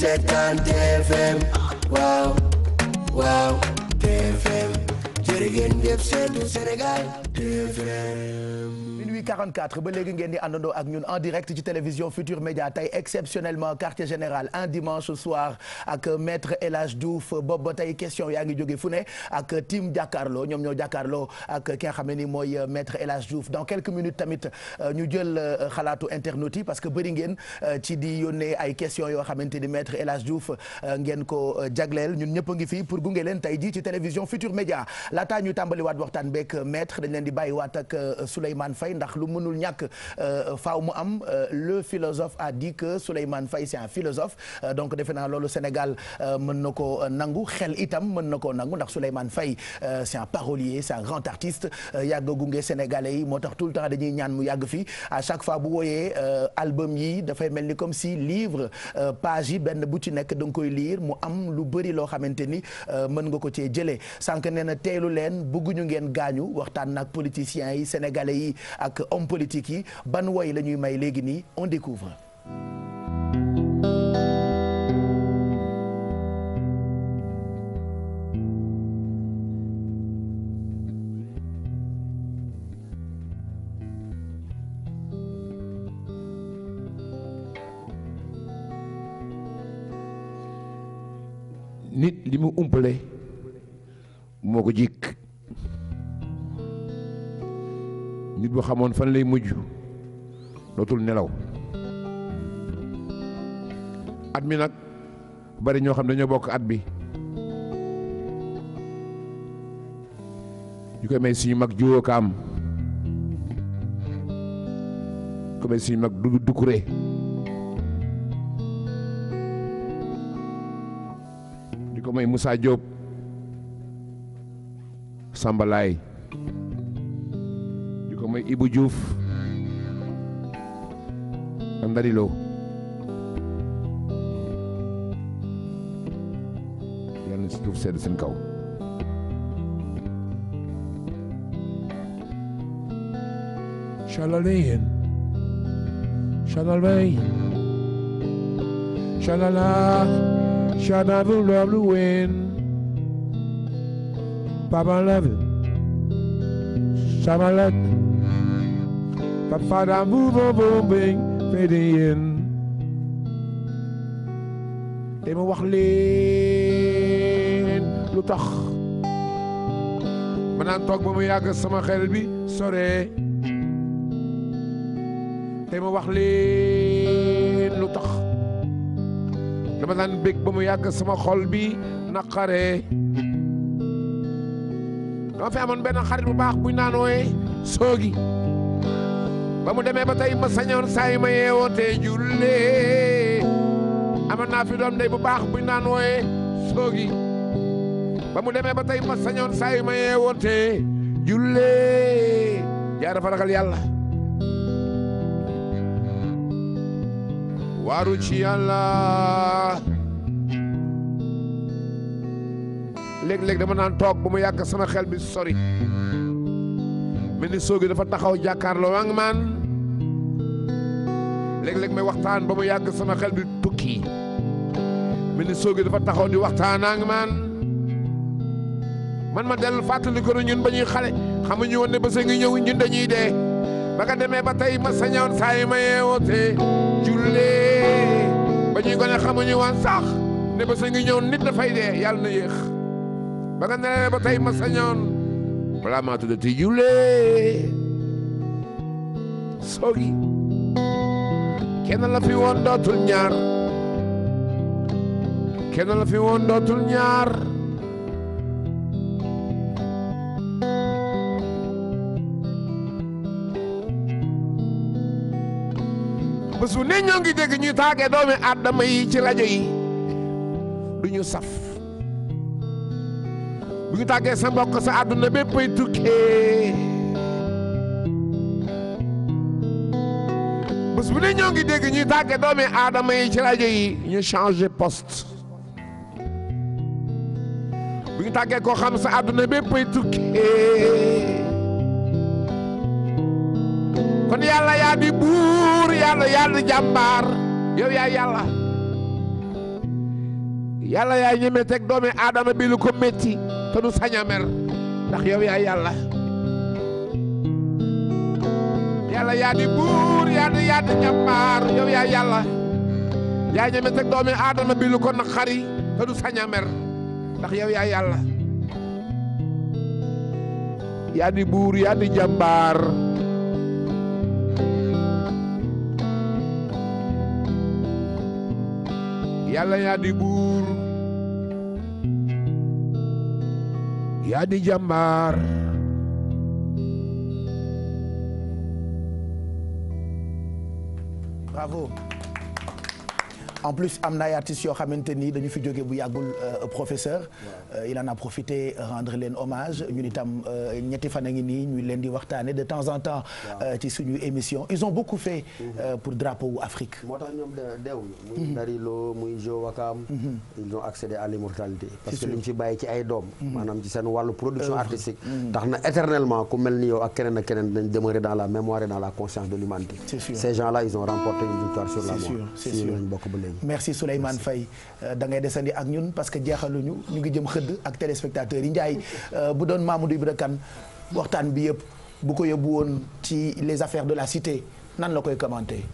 seetaan TFM waaw waaw ngeen def seetu Sénégal TFM minuit 44 ba léegi ngeen di àndandoo ak ñun en direct ci télévision Futur Média tey exceptionnellement quartier général un dimanche soir ak maître El Hadj Diouf boobu ba tey question yaa ngi jóge fu ne ak team jàkkaarloo ñoom ñoo jàkkaarloo ak ki nga xam ne ni mooy maître El Hadj Diouf dans quelques minutes tamit euh, ñu jël euh, xalaatu internautes yi parce que bëri ngeen euh, ci di yónnee ay questions yoo xamante ni maître El Hadj Diouf ngeen ko jagleel ñun ñëpp a ngi fii pour gunge leen tey jii ci télévision Futur Média laata laata ñu tàmbaliwaat waxtaan beeg maître dañ leen di bàyyiwaat ak euh, Souleymane Faye ndax lu mënul ñàkk euh, faaw mu am euh, le philosophe a di que Souleymane Faye c'est un philosophe donc defe naa loolu Sénégal mën na koo nangu xel itam mën na koo nangu ndax Souleymane Faye c'est un parolier c'est un grand artiste yàgg gunge sénégalais yi moo tax tout le temps dañuy ñaan mu yàgg fi à chaque fois bu wooyee album yi dafay mel ni comme si livre page yi benn bu ci nekk da nga koy lire mu am lu bëri loo xamante ni mën nga ko cee jëlee bëgguñu ngeen gaañu waxtaan nag politiciens yi sénégalais yi ak homme politique yi ban woy lañuy may léegi nii on découvre nit moo ko jikk nit bu xamoon fan lay mujj lootul nelaw at mi nag bari ñoo xam dañoo bokk at bi ñu koy may suñu mag jiwoo kaam ko may suñu mag du dukkure di ko may Moussa Diop sambalaay di ko may Ibou Diouf Andari Lo yal na si suuf sedd seen kaw Shalalayen Shalalay Shalala Shalabulaluwen Papa love you. Shama let. Papa da boom boom boom bing fading in. te ma wax leen lu tax ma naan toog ba mu yàgg sama xel bi sore te ma wax leen lu tax dama daan bég ba mu yàgg sama xol bi naqare dama fi amoon benn xarit bu baax buñ naan wooyee soogi ba mu demee ba tey ma sañoon saa yi ma yeewoo tey jullee amoon naa fi doom bu baax buñ naan wooyee soogi ba mu demee ba tey ma sañoon saa yi ma yeewoo jullee yaa dafa ragal yàlla yàlla léeg-léeg dama naan toog ba mu yàgg sama xel bi sori mel ni soogi dafa taxaw jàkkaarloo wang maan léeg-léeg may waxtaan ba mu yàgg sama xel bi tukki mel ni soogi dafa taxaw di waxtaan ang maan man ma dellu fàttali ko ñun ba ñuy xale xamuñu woon ne ba sa ngi ñëw ñun dañuy dee ba nga demee ba tey ma sañoon saa yi ma yeewootee jullee ba ñuy gone xamuñu woon sax ne ngi ñëw nit dafay dee yàlla na yéex ba nga nelawee ba tey ma sañoon balaa maa tudd soogi kenn la fi woon dootul ñaar kenn la fi woon dootul ñaar bésu ne ñoo ngi dégg ñu taage doomi aadama yi ci rajo yi du ñu saf bu ñu tàggee sa mbokk sa àdduna béppay tukkee bés bu ne ñoo ngi dégg ñuy tàggee doomi aadama yi ci rajo yi ñu changé poste bu ñu tàggee koo xam sa àdduna béppay tukkee kon yàlla yaa di buur yàlla yaa di yow yaa yàlla yàlla yaa ñeme teg doomi aadama bi ko métti te du sañ a mer ndax yow yaa yàlla yàlla yaa ñeme teg doomi aadama bi ko naqari te du sañ ndax yow yaa yàlla yaa di buur yaa di jàmbaar yàlla yaa di buur yaa di jàmbaar bravo en plus am na ay artistes yoo xamante ni dañu fi jóge bu yàggul euh, professeur euh, il en a profité rendre leen hommage ñun itam euh, ñetti fan a ngi nii ñu leen di waxtaane de temps en temps ci suñu émission ils ont beaucoup fait mm-hmm. pour drapeau Afrique moo tax ñoom deew muy mm-hmm. Dari Lo muy Jo Wakam mm-hmm. ils ont accédé à l'immortalité parce que li ñu fi bàyyi ci ay doom maanaam ci seen wàllu production artistique tax na éternellement ku mel ni yow ak keneen ak keneen de l'humanité ces merci Souleymane Faye euh, da ngay desandi ak ñun parce que jeexaluñu ñu ngi jëm xëdd ak téléspectateurs yi Ndiaye euh, bu doon Mamadou Ibra Kane waxtaan bi yëpp bu ko yóbbu woon ci les affaires de la cité nan la koy commenter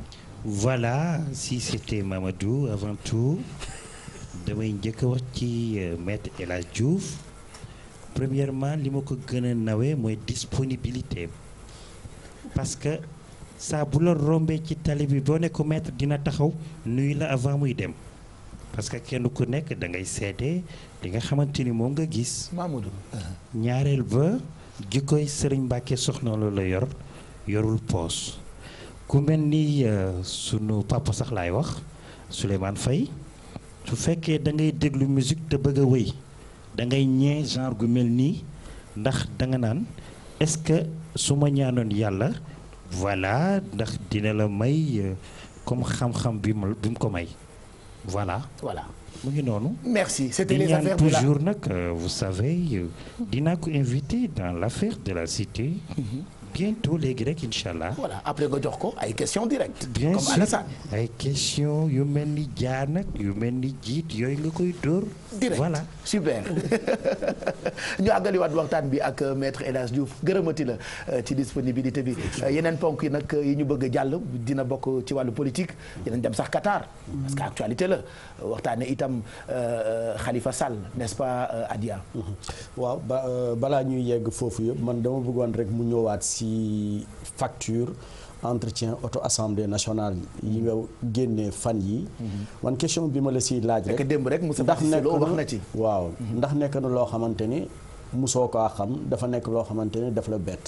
voilà si c'était Mamadou avant tout damay njëkk a wax ci euh, maître El Hadj Diouf premièrement li ma ko gën a nawee mooy disponibilité parce que saa bu la rombee ci tali bi boo ne ko maître dina taxaw nuyu la avant muy dem parce que kenn ku nekk da ngay seete li nga xamante ni moom nga gis. Mamadou. ñaareel ba gi koy Serigne Mbacke soxna loolu la yor yorul poos ku mel ni euh, sunu papa sax laay wax Souleymane Faye su fekkee da ngay déglu musique te bëgg a wéy da ngay ñee genre gu mel nii ndax danga naan est-ce que su ma ñaanoon yàlla. voilà ndax dina la may euh, comme xam-xam bi mu bi ko may voilà. voilà mu ngi noonu. merci c'était les affaires de toujours nag euh, vous savez euh, dinaa ko invité dans l'affaire de la cité. mm bientôt léegi rek incha allah. voilà après nga jox ko ay questions directes. bien sûr comme Alassane ay questions yu mel ni jaar nag yu mel ni jiit yooyu nga koy dóor. direct voilà super. ñu àggaliwaat waxtaan bi ak euh, maître El Hadj gërëmati la euh, ci disponibilité bi euh, yeneen ponk yi nag yi ñu bëgg a jàll dina bokk ci wàllu politique dinañ dem sax Qatar. parce que actualité la waxtaanee itam Khalifa Sall n'est-ce pas Adia. waaw balaa ñuy yegg foofu yëpp man dama bëggoon rek mu ñëwaat si facture entretien auto assemblée nationale yi nga génnee fan yi man question bi ma la si laaj rek rek ndax nekk wax na ci mhm. ndax nekk na loo xamante ni musoo kaa xam dafa nekk loo xamante ni daf la bett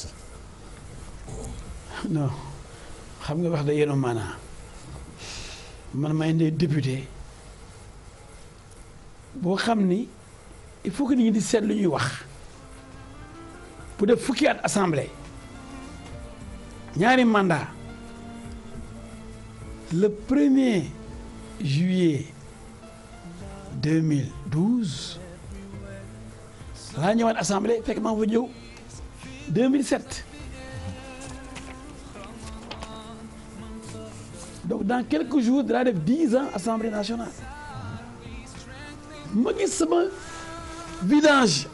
xam nga wax da yenu maanaa man may ne député boo xam ni il faut que nit di seet lu ñuy wax bu def fukki at assemblée ñaari mandat le premier juillet 2012 laa ñëwaat assemblée fekk maa fa ñëw 2007 donc dans quelques jour dinaa def dix ans assemblée nationale ma gis sama vidange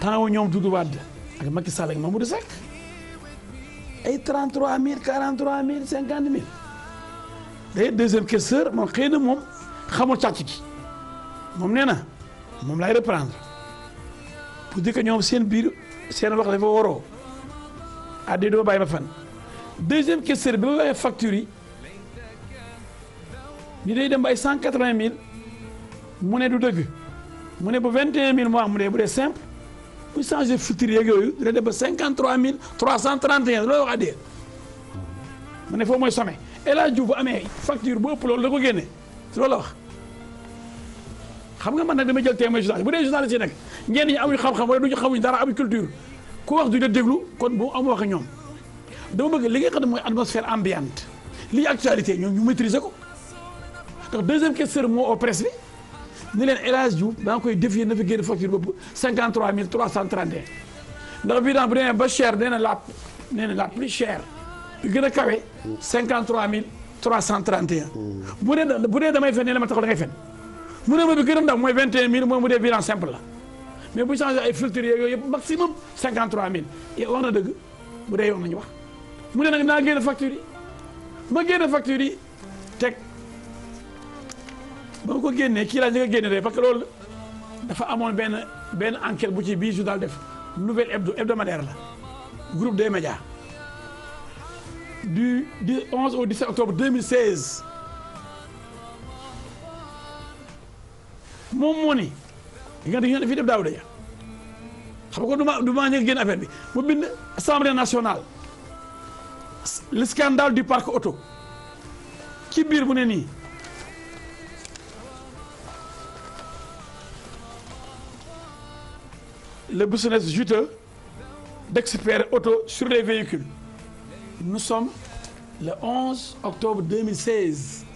temps wu ñoom Doudou Wade ak Macky Sall ak Mamadou Seck ay 33000 43000 50000 day deuxième questeur moom xëy na moom xamul càcc gi moom nee na moom lay reprendre pour dire que ñoom seen biir seen wax dafa waroo addi ah, doo bàyyi ma fan deuxième questeur bi ma waxee factures yi ay day dem ba ay 180000 mu ne du dëgg mu ne bu 21000 moo am mu ne bu dee simple bu changé futur yeeg yooyu dina dem ba cinquante trois mille trois cent trente et un loolu wax addee mu ne foo mooy sommet El Hadj Diouf bu amee facture boo ëpp loolu da ko génne loolu la wax xam nga man nag damay jël témoin journaliste bu dee journaliste yi nag ñenn ñi amuñu xam-xam du ñu xamuñu dara amuñu culture ko wax du la déglu kon bu am wax ñoom dama bëgg li nga xam ne mooy atmosphère ambiante lii actualité ñoom ñu maîtriser ko ndax deuxième question moo au presse ni leen El Hadj Diouf daa koy défier na fi génn facture bopp 53 331 ndax bii daan bu demee ba cher nee na la nee na la plus chère bi gën mille kawe 53 331. bu bu dee damay fen nee na ma taxul da ngay fen mu ne ma bi gën a ndaw mooy 21000 mooy mu dee bilan simple la mais bu changé ay filtres yooyu yëpp maximum 53000 wax na dëgg bu dee yoon nañu wa mu ne nag naa génn facture yi ma génn facture yi teg. ba ma ko génnee kii laa njëkk a génne de parce que loolu dafa amoon benn benn enquête bu ci bii journal def nouvelle hebdo hebdomadaire la groupe des médias du 11 au 17 octobre 2016 moom moo ni nga di fi def daaw de xam nga du ma du ma génn affaire bi mu bind assemblée nationale le scandale du parc auto ci biir mu ne nii. le business juteux d'experts auto sur les véhicules. Nous sommes le 11 octobre 2016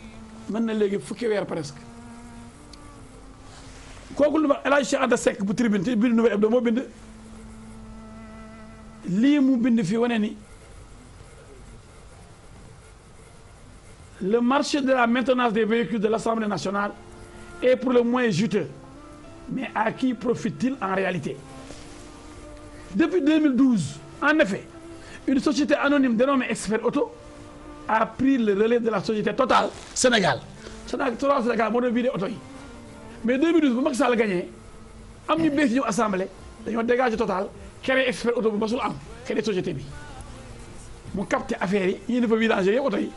mën na léegi fukki weer presque kooku lu ma El Hadj Cheikh Anta Seck bu tribune te bind Nouvelle Hebdo moo bind lii mu bind fii wane ni le marché de la maintenance des véhicules de l'Assemblée nationale est pour le moins juteux mais à qui profit t en réalité Depuis 2012, en effet, une société anonyme dénommée Expert Auto a pris le relais de la société Total Sénégal. Total Sénégal moo doon vidé oto yi mais 2012 bu mag Sall gagné am ñu bees ñëw assemblée dañoo dégagé Total créé Expert Auto bu masul am créé société bi mu capté affaire yi ñu ne fa vidangé oto yi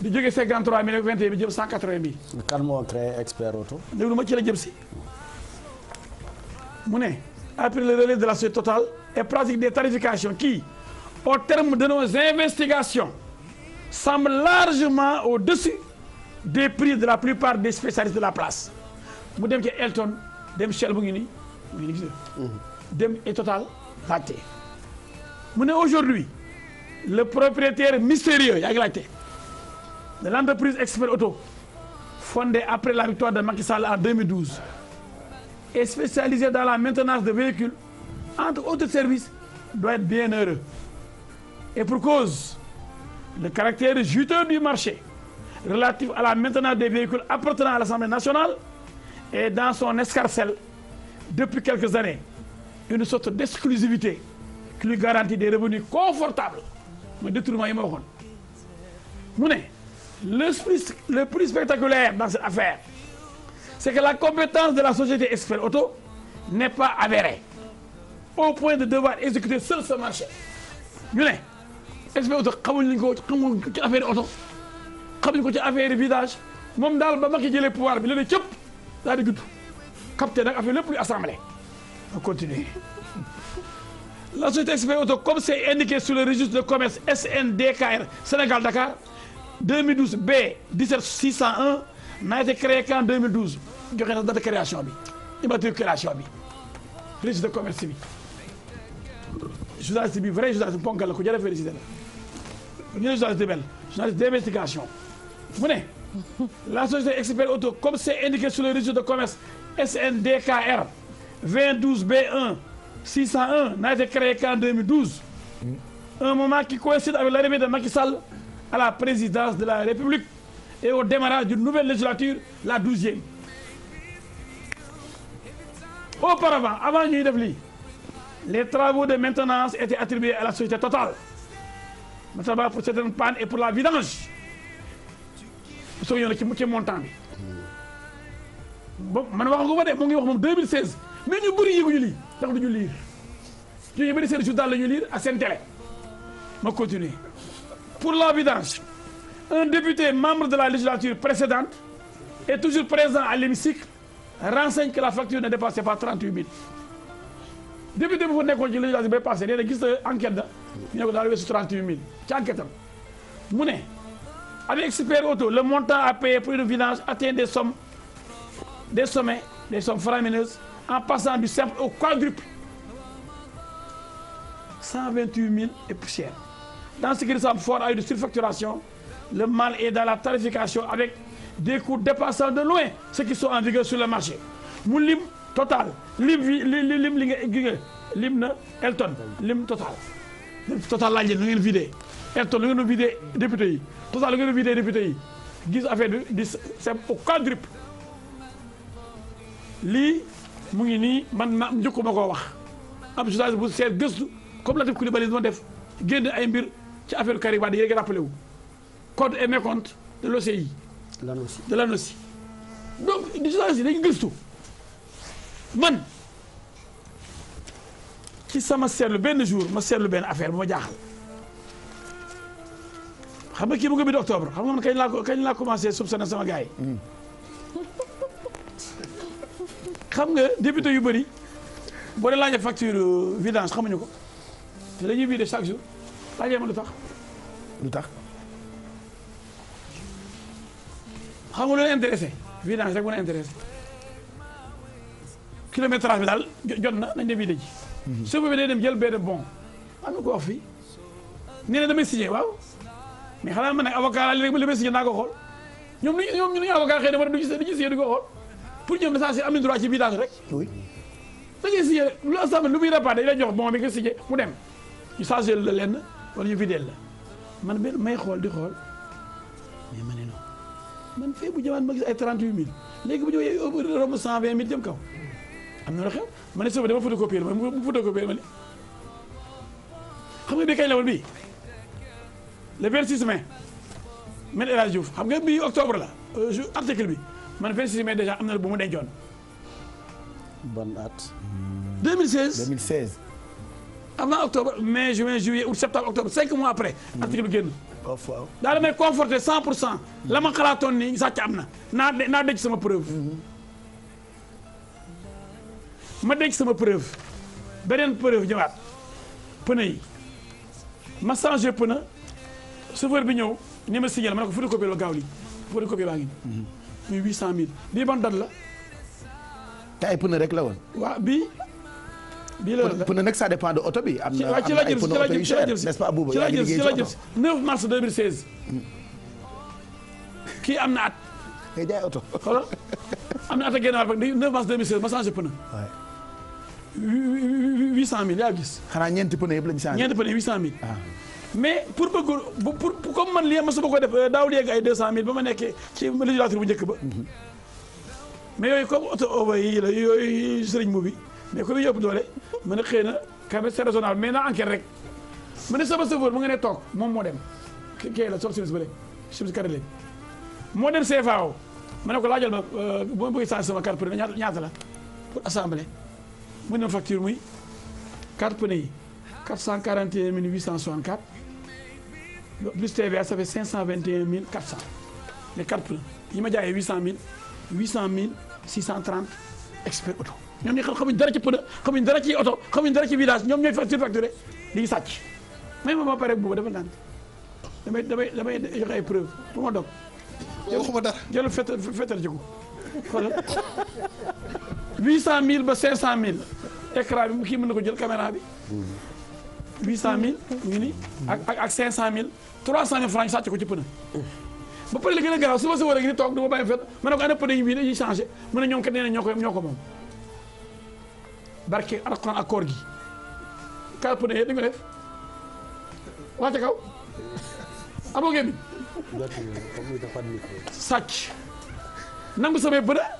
di jógee 53 mille ak 21 mille jëm 180 mille. kan moo créé Expert Auto. déglu ma ci la jëm si mu ne. a pris le relais de la société Total et pratique des tarifications qui, au terme de nos investigations, semblent largement au-dessus des prix de la plupart des spécialistes de la place mu dem ci Elton dem Shell mu ngi nii mhm. dem et Total laajte mu ne aujourd'hui le propriétaire mystérieux yaa ngi laajte de l'entreprise Expert Auto fondée après la victoire de Macky Sall en 2012 est spécialisé dans la maintenance de véhicules, entre autres services, doit être bien Et pour cause, le caractère juteux du marché relatif à la maintenance des véhicules appartenant à l'Assemblée nationale est dans son escarcelle depuis quelques années une sorte d'exclusivité qui lui garantit des revenus confortables mooy détournement yi ma waxoon mu ne le plus le plus spectaculaire dans cette affaire c'est que la compétence de la société Expert Auto n'est pas avérée au point de devoir exécuter seul ce marché ñu ne Expert Auto xamuñ lañ ko ci affaire auto xamuñ ko ci affaire vidage moom daal ba Macky jëlee pouvoir bi la ne cëpp daal di gudd capté nag affaire lépp luy assemblée on continue la société Expert Auto comme c'est indiqué sur le registre de commerce SNDKR Sénégal Dakar 2012 B 17601 n'a été créée qu'en joxe na bi immatriculation bi registre de commerce bi journaliste bi vrai journaliste ponkal la la ñu ne journaliste mel journaliste d' investigation société expert auto comme c' est sur le registre de commerce SNDKR 2012 B1 601 n'a été créé qu'en 2012 qui coïncide avec l'arrivée de Macky à la présidence de la République et au démarrage d'une nouvelle législature la douzième auparavant avant ñuy def li les travaux des maintenance étaient attribués à la société Total notamment pour certaines pannes et pour la vidange soo ñëw nag ci montant bi boobu man wax ma ko de mu ngi wax moom 2016 mais ñu bëri yëguñu lii ndax du ñu liir ñu ñu bëri ñu liir ak seen télé ma continuer pour la vidange un député membre de la législature précédente est toujours présent à l'hémicycle renseigne que la facture ne dépassait pas 38 000 député bu fa nekkoon ci législative bay passé nee na gis na enquête da ñu ne ko daal weesu 38 000 ci enquête am mu ne avec super auto le montant à payer pour une vidange atteint des sommes des sommets des sommes faramineuses en passant du simple au quadruple 128 000 et poussière dans ce qui ressemble fort à une surfacturation le mal est dans la tarification avec des dépassant de loin ceux qui sont en vigueur sur le marché mu lim total lim li lim li nga gi lim na Elton lim total total laaj leen nu ngeen vidé Elton lu ngeen vidé député yi total lu ngeen vidé député yi gis affaire bi di c'est mu ngi nii man ma njëkkuma koo wax am journaliste bu seet gëstu comme Latif Coulibaly ma def génn ay mbir ci affaire Karim Wade yéen a ngi wu. compte et mécompte de l'OCI de la NOCI donc journalistes yi dañu gëstu man ci sama seetlu benn jour ma seetlu benn affaire bu ma jaaxal xam nga kii mu ngi bi octobre xam nga man kañ laa ko kañ laa commencé soupçonné sama gars yi xam nga député yu bëri boo dee laajee facture euh, vidange xamuñu ko te dañuy vider chaque jour laajee ma lu tax lu tax xam nga loolu intéressé vidange rek mën a intéressé kilométrage bi daal jot na nañ dem vidé ji chauffeur mhm. bi day dem jël bee de bon am na ko wax fii nee na damay signé waaw mais xanaa man nag avocat laa léegi li may signé naa ko xool ñoom ñu ñoom ñu avocat xëy na war duñu duñu signé di ko xool pour ñoom na saa si am nañ droit ci vidange rek dañuy signé lu assemblée lu muy rapport dañ lay jox bon bi nga signé mu dem ñu changé la lenn walla ñu vidé la man benn may xool di xool man fee bu jëmaan ma gis ay 38000 léegi bu ñëwee romb 120000 jëm kaw am na lu xew ma ne soo dama photocopier ma mu photocopier ma xam nga bii kañ la woon bii le man xam nga bii octobre la euh, jour article bi man 26 mai déjà am na bu mu dencoon. ban at. 2016 2016. avant octobre mai juin juillet août septembre octobre 5 mois après. Mm-hmm. article bi génn. waaw daa damay conforté 100 pour cent la ma xalaatoon ni sàcc am na naa naa denc sama preuve mm-hmm. ma denc sama preuve beneen preuve ñëwaat pneu yi ma changé pneu chauffeur bi ñëw ni ma signal ma ne ko photocopie la gaaw li photocopie baa ngi nii mm-hmm. muy 800000 bii ban date la te ay pneu rek la woon waaw bii bii la la pneu nag ça de oto bi. am na am na hmm. kii am na at. ngay oto. xolo am na at ak gànnaar rek 9 mars 2016 ma changé pneu. waay 800000 yaa gis. xanaa ñeenti pneu yëpp lañu changé. ñeenti pneu 800000. Ah. mais man lii ma su ma ko def euh, daaw léegi ay 200000 ba ma nekkee ci législature bu njëkk ba. Mhm. mais yooyu comme oto oba yi la yooyu sëriñ mu mais ku muy yóbbu doole. ma ne xëy na quand même c'est mais na enquête rek ma ne sama chauffeur mu nga ne toog moom moo dem kii la sox simis ba léegi simis kari léegi moo dem CFAO ma ne ko laajal ma euh, bu ma bëgg changé sama carte pneu ñaata ñaata la pour assemblée mu ne facture muy carte pneu yi 441 864 plus TVA ça fait 521 400 les carte pneu yi ma jaayee 800 000 800 630 expert auto ñoom ñooy xamuñ dara ci pneu xamuñ dara ci oto xamuñ dara ci village ñoom ñooy surfacturé di sàcc may ma ma pare bu ma dafa naan damay damay damay joxe ay preuve bu ma dog waxuma dara jël fetal fetal jiku xoolal 800000 ba 500000 écran bi mu kii mën na ko jël caméra bi 800000 ngi ni ak ak ak 500000 300000 francs sàcc ko ci pneu ba pare li gën a garaaw su ma si war a ngi ni toog du ma bàyyi fet ma ne ko ana pneu yi bii dañuy changé mu ne ñoom kat nee na ñoo ko ñoo ko moom barke alxuraan ak koor gi kàpp ne yéen di nga def wax ca kaw amoo ngeen sàcc nangu samay bëda ah.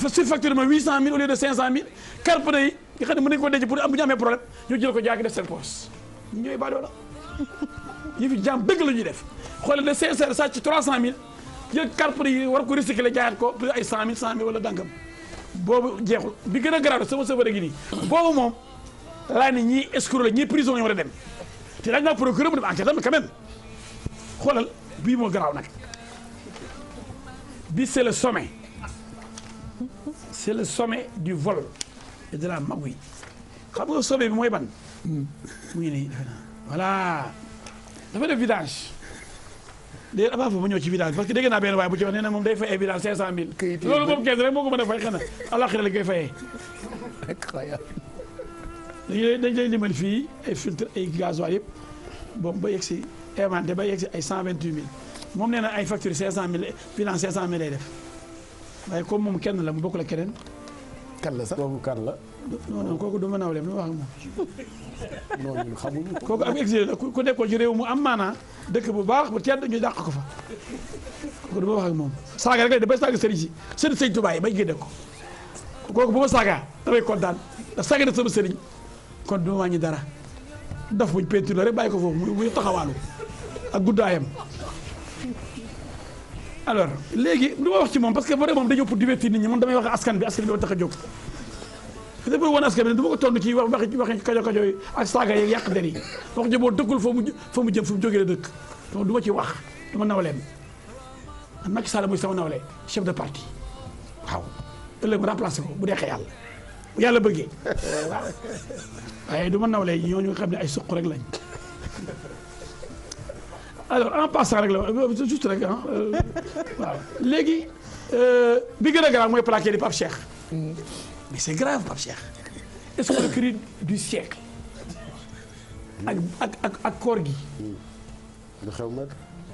fa surfacturé ma huit cent mille au lieu de cinq cent mille carpe ne yi nga xam ne mën nañu ko denc pour am bu ñu amee problème ñu jël ko jaagi def seen poos ñu ñooy ba la ñu fi jaam dëgg la ñuy def xoolal de sincère sàcc trois cent mille jël carpe yi war ko recycler jaayaat ko ay cent mille cent mille wala dangam boobu jeexul bi gën a garaaw soo sëfër gi nii boobu moom laa ne ñii escroc la ñii prison ñu war a dem te daañu naa procureur mu dem enquête am quand même xoolal bii moo garaaw nag bi c'est le some c'est le sommet du vol et de la magouille xam nga sommet bi mooy ban hmm. mu ngi nii dafa def vidange de avant foofu ma ñëw ci vidange parce que dégg naa benn waaye bu ci wax moom day fay vidange cinq dañ lay limal fii ay filtre ay gasoil yëpp boobu ba si éventé ba yegsi ay cent vingt huit mille moom nee na ay facture cinq cent mille vidange cinq cent mille lay def waaye comme moom kenn la mu bokk la keneen kan la sax boobu kan la non non kooku du ma nawleem lu ma wax moom non ñun xamuñu ko. kooku am exilé la ku nekkoon ci réew mu am maanaa dëkk bu baax bu tedd ñuy dàq ko fa kooku du wax ak moom saaga rek lay def ba saaga sëriñ si sëriñ sëriñ Tuubaa yi bañ génne ko kooku bu ma saagaa damay kontaan ndax saaga na sëriñ kon du wàññi dara daf buñ peinture la rek bàyyi ko foofu mu muy taxawaalu ak guddaayam. alors léegi du ma wax ci moom parce que vraiment moom dañoo pour divertir nit ñi moom damay wax askan bi askan bi ba tax a jóg. gis nga booy wan askan bi du ma ko tontu ci wax waxi waxi kajo kajo yi ak saaga yeeg yàq der yi wax ji boo dëkkul fa mu jëm fu mu jógee la dëkk donc du ci wax du ma nawleem man Macky Sall mooy sama nawle chef de parti waaw ëllëg ma remplacé ko bu deexee yàlla bu yàlla bëggee waaye du ma nawle ñooñu nga xam ne ay suq rek lañ alors en passant rek la juste rek ah waaw léegi euh, bi gën a garaaw mooy plaqué di Pape Cheikh mais c'est grave Pape Cheikh. escroquerie du siècle. ak ak ak ak koor gi. xew nag.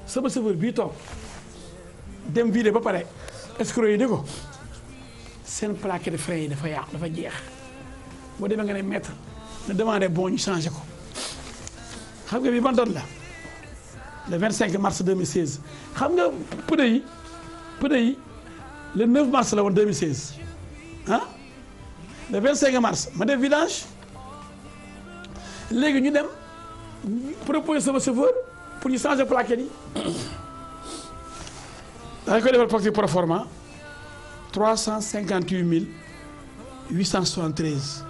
sama chauffeur bii toog dem vidé ba pare escroquer yi ni ko seen plaque de yi dafa yàqu dafa jeex boo demee nga ne maître na demandé bon ñu changé ko xam nga bi ban date la le 25 mars 2016 xam nga pënë yi pënë yi le 9 mars la woon 2016 ah. le 25 mars ma def vidange léegi ñu dem proposer sama chauffeur pour ñu changer plaquettes yi dañ koy defal facture proforma 358 873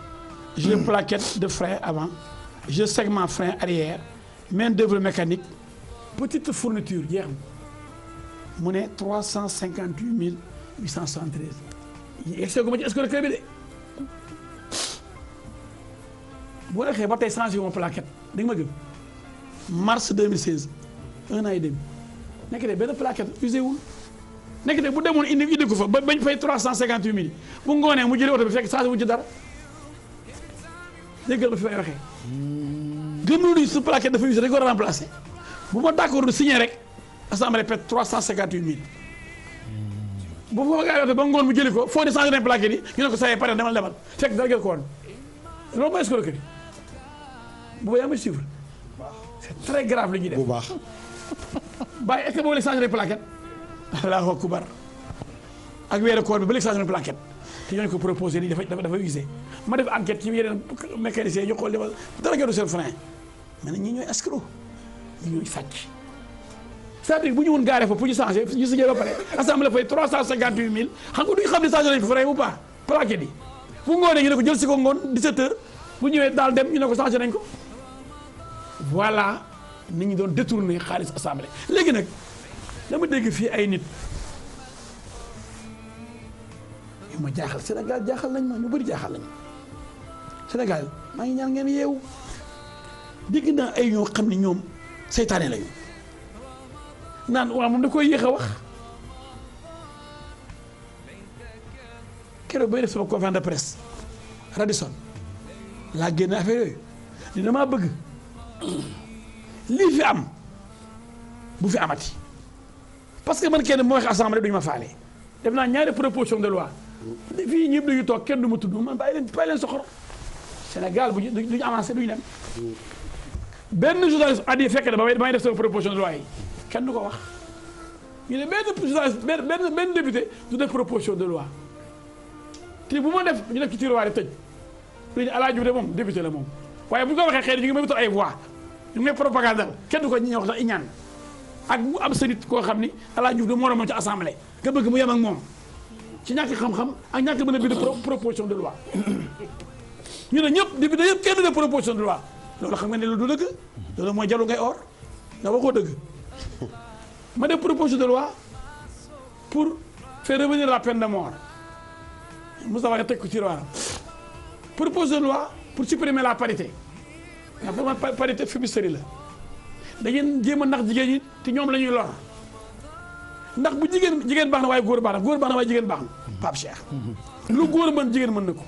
jeu plaquette de frein avant jeu segment frein arrière main d'œuvre mécanique petite fourniture jeex na mu ne 358 873 yi egg seegu ma ci escroquerie bi de. boo dexee ba tey changé woon plaquette da nga ma gëm mars 2016 un an et demi nekk de benn plaquette usé wul nekk de bu demoon indi indi ko fa ba bañ fay 358 mille bu ngoonee mu jëlee oto bi fekk changé wu ci dara déggal ma fi may waxee. Hmm. gëm lu ni su plaquette dafa usé dañ ko war a remplacé bu ma d' accord du signé rek assemblée pète 358 mille. Hmm. bu foofa gaa yootee ba ngoon mu jëli ko foo di changé nañ plaquette yi ñu ne ko saa yee pare demal demal fekk dara jël ko woon loolu mooy escroquerie bu baax yaa ngi may suivre ñuy def bu baax. bàyyi est-ce que boobu la changé plaquette bi ba léegi changé plaquette te ñooñu ko proposé nii dafa dafa dafa ma def enquête ci yeneen mécanicien ñu xool dara gënu seen frein mais nag ñi ñooy escroc ñi ñooy sàcc cest à bu ñu woon gaaree fa pour ñu changé ñu signé ba pare assemblée fay 358000 xam nga duñ xam ne changé ko frein ou pas plaquette yi bu ngoonee ñu ne ko jël si ko ngoon 17 heures bu ñëwee daal dem ñu ne ko changé nañ ko. voilà nit ñi doon détourner xaalis assemblée léegi nag dama dégg fii ay nit yu ma jaaxal Sénégal jaaxal nañ ma ñu bëri jaaxal nañ ma Sénégal maa ngi ñaan ngeen yeewu dégg naa ay ñoo xam ni ñoom seytaane lañu naan waaw moom da koy yéex a wax keroog bay def sama conférence de presse Radisson laa génne affaire yooyu ni damaa bëgg. lii fi am bu fi amati parce que man kenn mooy wax assemblée duñu ma faale def naa ñaari proposition de loi fii ñëpp dañuy toog kenn du ma tudd man bàyyi leen bàyyi leen soxor Sénégal bu ñu duñu avancé duñu dem benn journaliste at yi fekk na ba may def sama proposition de loi yi kenn du ko wax ñu ne benn journaliste benn benn député du def proposition de loi te bu ma def ñu def ci tiroir yi tëj duñu alaaj bi de moom député la bu ñu waxee xëy na ñu ngi may ay voix lu ne propagande la kenn du ko ñi wax sax iñaan ak mu am sa koo xam ni Alaaji Diouf da moroomam ci assemblée nga bëgg mu yem ak moom ci ñàkk xam-xam ak ñàkk mën a bind proposition de loi ñu ne ñëpp député yëpp kenn de proposition de loi loolu xam nga ne loolu du dëgg loolu mooy jalu ngay or nga waxoo dëgg ma def proposition de loi pour faire revenir la peine de mort Moussa Wade teg ko ci proposition de loi pour supprimer la parité man ndax vraiment parité fumisterie la dangeen jéem a nax jigéen ñi te ñoom la ñuy lor ndax bu jigéen jigéen baax na waaye góor baax na góor baax na waaye jigéen baax na Pape Cheikh lu góor mën jigéen mën na ko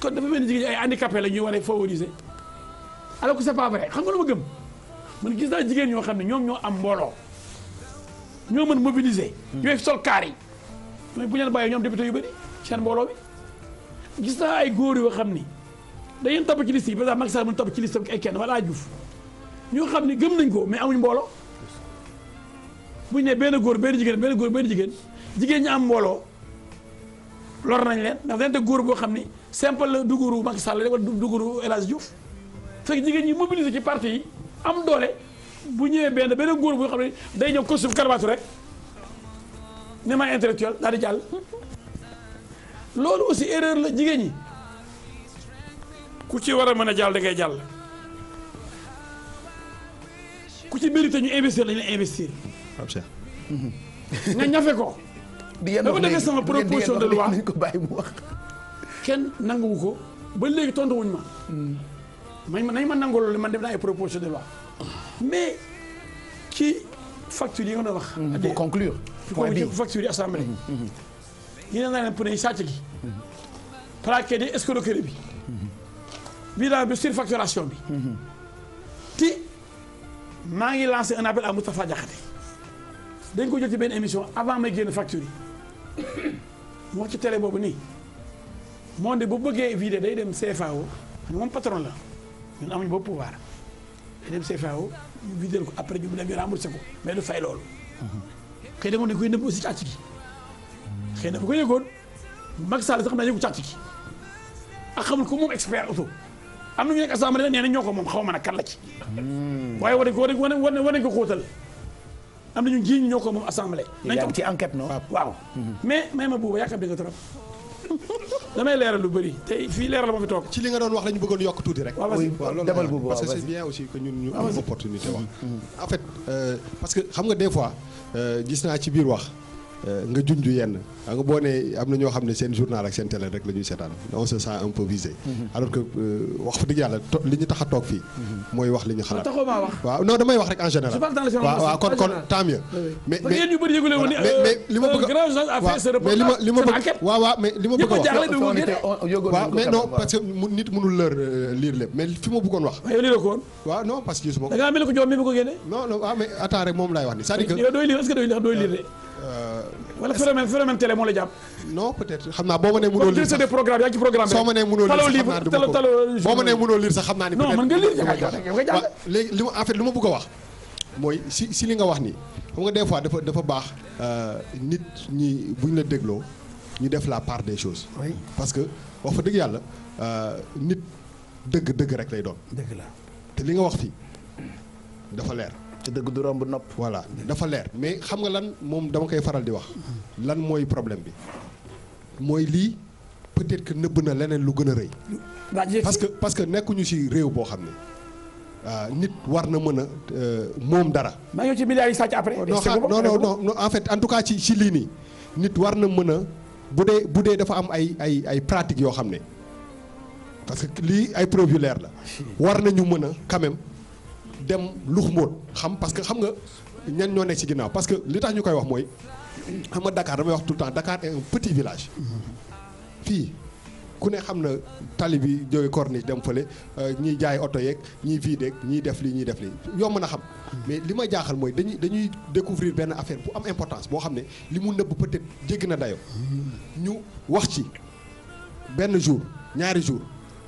kon dafa mel ni jigéen ay handicapé la ñuy war a favoriser alors que c'est pas xam nga lu ma gëm man gis naa jigéen ñoo xam ne ñoom ñoo am mbooloo ñoo mën mobiliser ñooy hmm. sol kaar yi mais bu ñu leen bàyyee ñoom député yu bëri seen mbooloo bi gis naa ay góor yoo xam ni da ngeen topp ci liste yi par exemple Macky Sall mën topp ci liste ay kenn wala Diouf xam ne gëm nañ ko mais amuñ mbooloo bu ñu nee benn góor benn jigéen benn góor benn jigéen jigéen ñi am mbooloo lor nañ leen ndax te góor boo xam ni simple la duguru Macky Sall wala duguru El Hadj Diouf fekk jigéen ñi mobiliser ci parti yi am doole bu ñëwee benn benn góor boo xam ne day ñëw costume cravate rek ne ma intellectuel daal di jàll loolu aussi erreur la jigéen ñi. ku ci war a mën a jàll da ngay jàll ku ci mérite ñu investir dañu la investir. nga ñafe ko. dama defee sama proposition de loi ko bàyyi mu wax. kenn nanguwu ko ba léegi tontu wuñ ma. Hmm. man nañ ma nangu loolu man def naa ay proposition de loi mais ci facture yi nga doon wax. Hmm. pour conclure. point bi facture yi assemblée. Hmm. yéen a ngi leen prene sàcc gi. plaqué di escroquerie bi. bilan bi surfacturation bi. ti maa ngi lancé un appel à Moustapha Diakhaté dañ ko jël ci benn émission avant may génn facture yi mu wax ci télé boobu nii moom de bu bëggee vidé day dem CFAO moom patron la ñun amuñu boobu pouvoir day dem CFAO ñu vidéel ko après ñu dem ñu remboursé ko mais du fay loolu. xëy na moom dañ koy nëbb aussi càcc gi xëy na bu ko yëgoon Macky Sall sax na yëgu càcc gi ak xamul ko moom expert auto am na ñu nekk assemblée nee ñoo ko moom xaw ma a kan la ci. Hmm. waaye war nañ ko war nañ ko xóotal am na ñu jiiñ ñoo ko moom assemblée. nañ ko ci enquête non waaw. Hmm. mais may ma buuba yaakaar nga trop damay leeral lu bari tey fii leeral ma fi toog. ci li nga doon wax lañu bëggoon yokk tuuti rek. oui demal buuba parce que c'est bien aussi que ñun ñu ah, am opportunité wax. Hmm, en fait euh, parce que xam nga des fois euh, gis naa ci biir wax. Euh, nga junj yenn xam nga boo am na ñoo xam ne seen journal ak seen télé rek la ñuy seetaan on se sent un peu mm-hmm. alors que euh, wax fa dëgg yàlla li ñu tax a toog fii. Mm-hmm. mooy wax li ñu xalaat waaw non damay wax rek en général. waaw li ma bëgg a mais li ma bëgg waaw waaw mais li a nit mënul lër euh, lire lépp mais fi ma bëggoon wax. waaw yow lii la ko ko. da ngaa mel ko jox mi ko génne. non non waaw mais attends rek moom laay wax ni cest Euh, wala phénomène phénomène télé moo la jàpp. non peut-être xam naa boo ma nee mënoo lire sax programme yaa ngi ci programme soo ma nee mënoo lire sax xam naa ne boo ma nee mënoo lire sax xam naa ne. non mën nga lire nga léegi li ma en fait lu ma bëgg a wax mooy si si li nga wax nii xam nga des fois dafa dafa baax euh, nit ñi buñ la dégloo ñu def la part des choses. parce que wax fa dëgg yàlla euh, nit dëgg dëgg rek lay doon. dëgg la te li nga wax fii dafa leer. te dëgg du romb nopp. voilà dafa leer mais xam nga lan moom dama koy faral di wax. lan mooy problème bi mooy lii peut-être que nëbb na leneen lu gën a rëy. parce que parce que nekkuñu si réew boo xam ne. Euh, nit war na mën a euh, moom dara. maa ngi ci milliards yi sàcc après. non non non fait en tout cas ci ci lii nii nit war na mën a bu dee bu dee dafa am ay ay ay pratiques yoo xam ne parce que lii ay preuve yu leer la. Ah, war nañu mën a quand dem lux mbóot xam parce que xam nga ñan ñoo nekk ci ginnaaw parce que li tax ñu koy wax mooy xam nga dakaar damay wax tout le temps Dakar est un petit village. fii ku ne xam na tali bi jóge corniche dem fële euh, ñiy jaay oto yeeg ñiy videeg ñiy def lii ñiy def lii mën a xam. mais li ma jaaxal mooy dañuy dañuy découvrir benn affaire bu am importance boo xam ne li mu nëbb peut-être jéggi na dayo mm-hmm. ñu wax ci benn jour ñaari jour.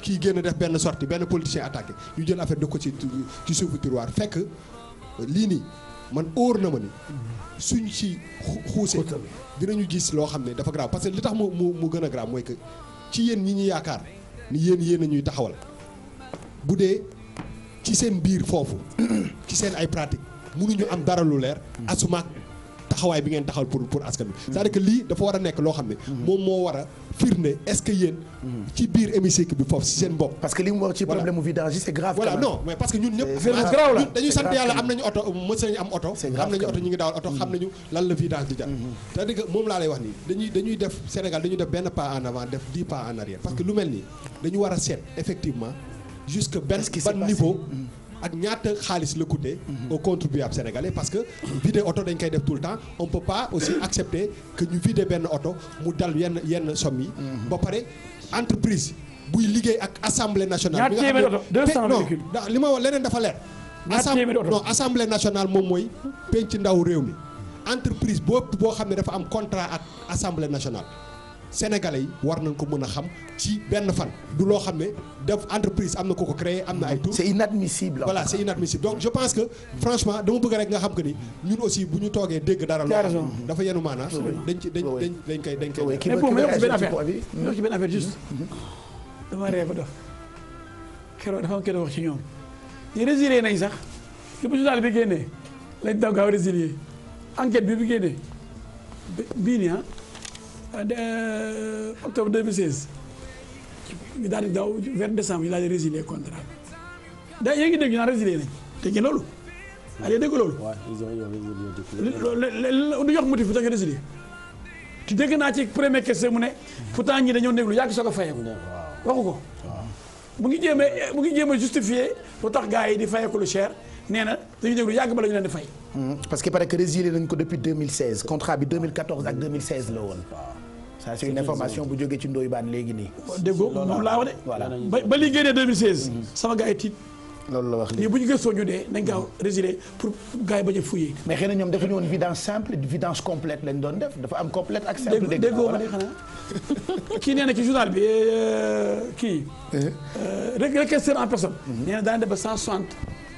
kii génn def benn sortie benn politicien attaqué ñu jël affaire de ko ci ci suufu tiroir fekk lii nii man óor na ma ni suñ ci xuusee dinañu gis loo xam ne dafa grave parce que li tax mu mu mu gën a grave mooy que ci yéen ñi ñu yaakaar ni yéen yéen a ñuy taxawal bu dee ci seen biir foofu ci seen ay pratique mënuñu am dara lu leer asumaak taxawaay bi ngeen taxaw pour pour bi cest à lii dafa war a nekk loo xam ne moom moo war a firnde est ci biir hémicycle bi foofu si seen bopp parce que li moom laa lay wax nii dañuy def Sénégal dañuy def benn pas en avant def dix pas en arrière parce que lu mel nii dañu war seet effectivement jusque benn ban niveau mm-hmm. ak ñaata xaalis la coûté mhm. au contribuable sénégalais parce que vider oto dañ koy def tout le temps on peut aussi accepter que ñu vider benn oto mu dal yenn yenn somme yi mhm. ba pare entreprise buy liggéey ak assemblée nationale bi nga xam non li ma wax leneen dafa leer non assemblée nationale moom mooy penc ndaw réew mi entreprise boo boo xam ne dafa am contrat ak assemblée nationale sénégalais yi war nañ ko mën a xam ci benn fan du loo xam ne def entreprise am na ko ko créé am na ay tour c'est inadmissible voilà c'est inadmissible donc je pense que franchement dama bëgg rek nga xam que ni ñun aussi bu ñu toogee dégg dara loo dafa yenu maanaa dañ ci dañ dañ dañ koy dañ koy mais pour ma wax ci benn affaire ma wax ci benn affaire juste mm-hmm. dama ree keroog ci ñoom ñu résilier nañ sax li bu journal bi génnee lañ daw gaaw résilier enquête bi bi génnee bii nii ah. Ah, euh, octobre 2016 ñu daal di daw vers décembre ñu daal di résilier contrat da yaa ngi dégg ñu naan résilier nañ dégg loolu. yaa ngi dégg loolu. du jox motif bi tax nga résilier. te naa ci premier question mu ne. pourtant ñi dañoo déglu yàgg soog a fayeeku. waxu ko. mu ngi jéem a mu ngi jéem a justifié lu tax gars yi di fayeeku lu cher nee na dañu déglu yàgg ba la leen di hmm, parce que il que résilier nañ ko depuis contrat bi ak la woon. ça c'est bu jógee ci Ndoye Bane léegi nii. Oh, déggoo moom laa wax de. Mhm. sama gars yi tiit. wax léegi bu ñu soo ñu dee nañ gaaw mhm. résilé pour gars yi bañ a fouillé. mais xëy na ñoom defuñu woon vidange simple vidange complète lañ doon def dafa am complète ak simple. dégg déggoo ma de xanaa kii nee ci journal bi euh, kii. Eh. Euh, rek requesteur en personne. Mhm. nee na daan def ba 160.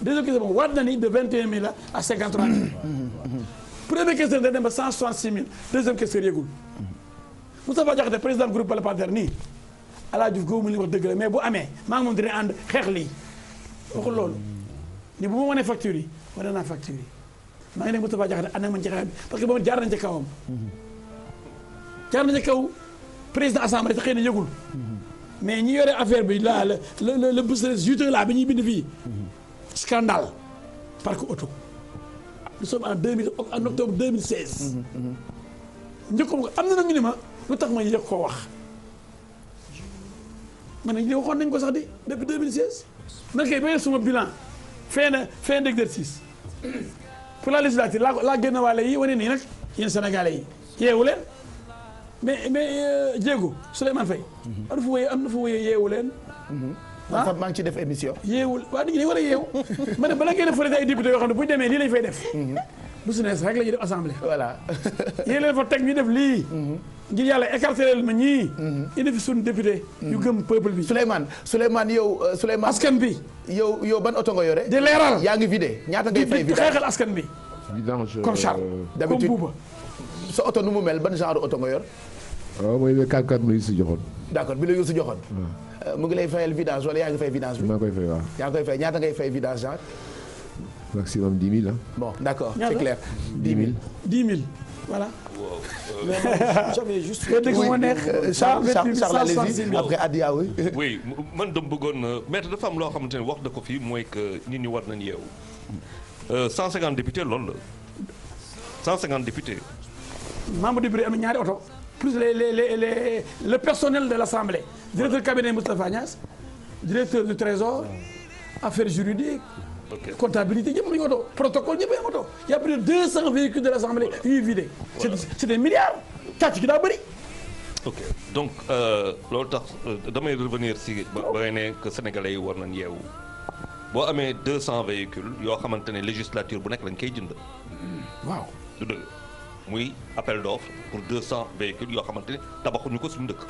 deuxième question waat na ni de 21 000 à 53 000. première question da dem ba 166 000 deuxième question yëgul. Moustapha Diakhaté président groupe parlementaire nii El Hadj Diouf góobu mu li wax dëgg la mais bu amee maa ngi moom dina ànd xeex lii waxul loolu. ni bu ma wanee facture yi wane naa facture yi maa ngi nekk Moustapha Diakhaté ànd ak man ci parce que boobu jaar nañ ci kawam. jaar nañ ci kaw président assemblée te xëy na yëgul. mais ñi yore affaire bi la le le ñuy bind fii. scandale parc auto nous sommes en 2000 en octobre 2016. njëkkoon ko am na nag ñu ma lu tax ma njëkk koo wax. ma ne ñu waxoon nañ ko sax di depuis 2016. man kay ba suma bilan fin de fin d'exercice pour la législative laa laa génn waale yi wane nii nag yéen sénégalais yi yeewu leen mais mais euh, jéego Souleymane Faye. Mhm. am na fu wéyee yeewu leen. Mm-hmm. ah sax maa ngi ci def émission. yeewul waa nit ñi war a yeewu ma ne bala ngeen a foree ay député yoo xam ne bu ñu demee lii lañ fay def. Mm-hmm. bu su nees rek la def assemblée. voilà yéen leen fa teg ñu def lii. Mm-hmm. ngir yàlla écarté leen ma ñii. indi fi suñu député. yu gëm peuple bi. Souleymane Souleymane yow euh, Souleymane. askan bi yow yow ban oto nga yore. de leeral yaa ngi vidé ñaata ngay fay. vidé xeexal askan bi. vidange comme Charles. d'habitude sa oto nu mu mel ban genre oto nga yor. waaw mooy kàddu ma yu si joxoon. d'accord bi la yu joxoon. Euh, mu ngi lay fayal vidange wala yaa ngi fay vidange bi. maa koy fay waaw. yaa ngi koy fay ñaata ngay fay vidange genre. maximum dix mille ah. bon d'accord c'est clair. dix mille dix mille voilà. man dama bëggoon euh, maître dafa am loo xamante ne wax da ko fii mooy que nit ñi war nañu yeewu. 150 euh, députés loolu la 150 députés. membre du bureau am ñaari oto. plus les les les les le personnel de l'Assemblée directeur cabinet Moustapha Niass directeur du Trésor affaires juridiques. ok comptabilité ñëpp dañoo doon protocole ñëpp dañoo doon y' a plus de 200 véhicules de l'Assemblée yuy vidé. voilà c'est des milliards càcc gi daa donc euh, loolu tax euh, damay revenir si ba ngay ne que sénégalais yi war nañ yeewu boo amee 200 véhicules yoo xamante ne législature bu nekk lañ koy jënd. waaw du muy appel d'offre pour 200 véhicules yoo xamante ne tabaxuñu ko suñu dëkk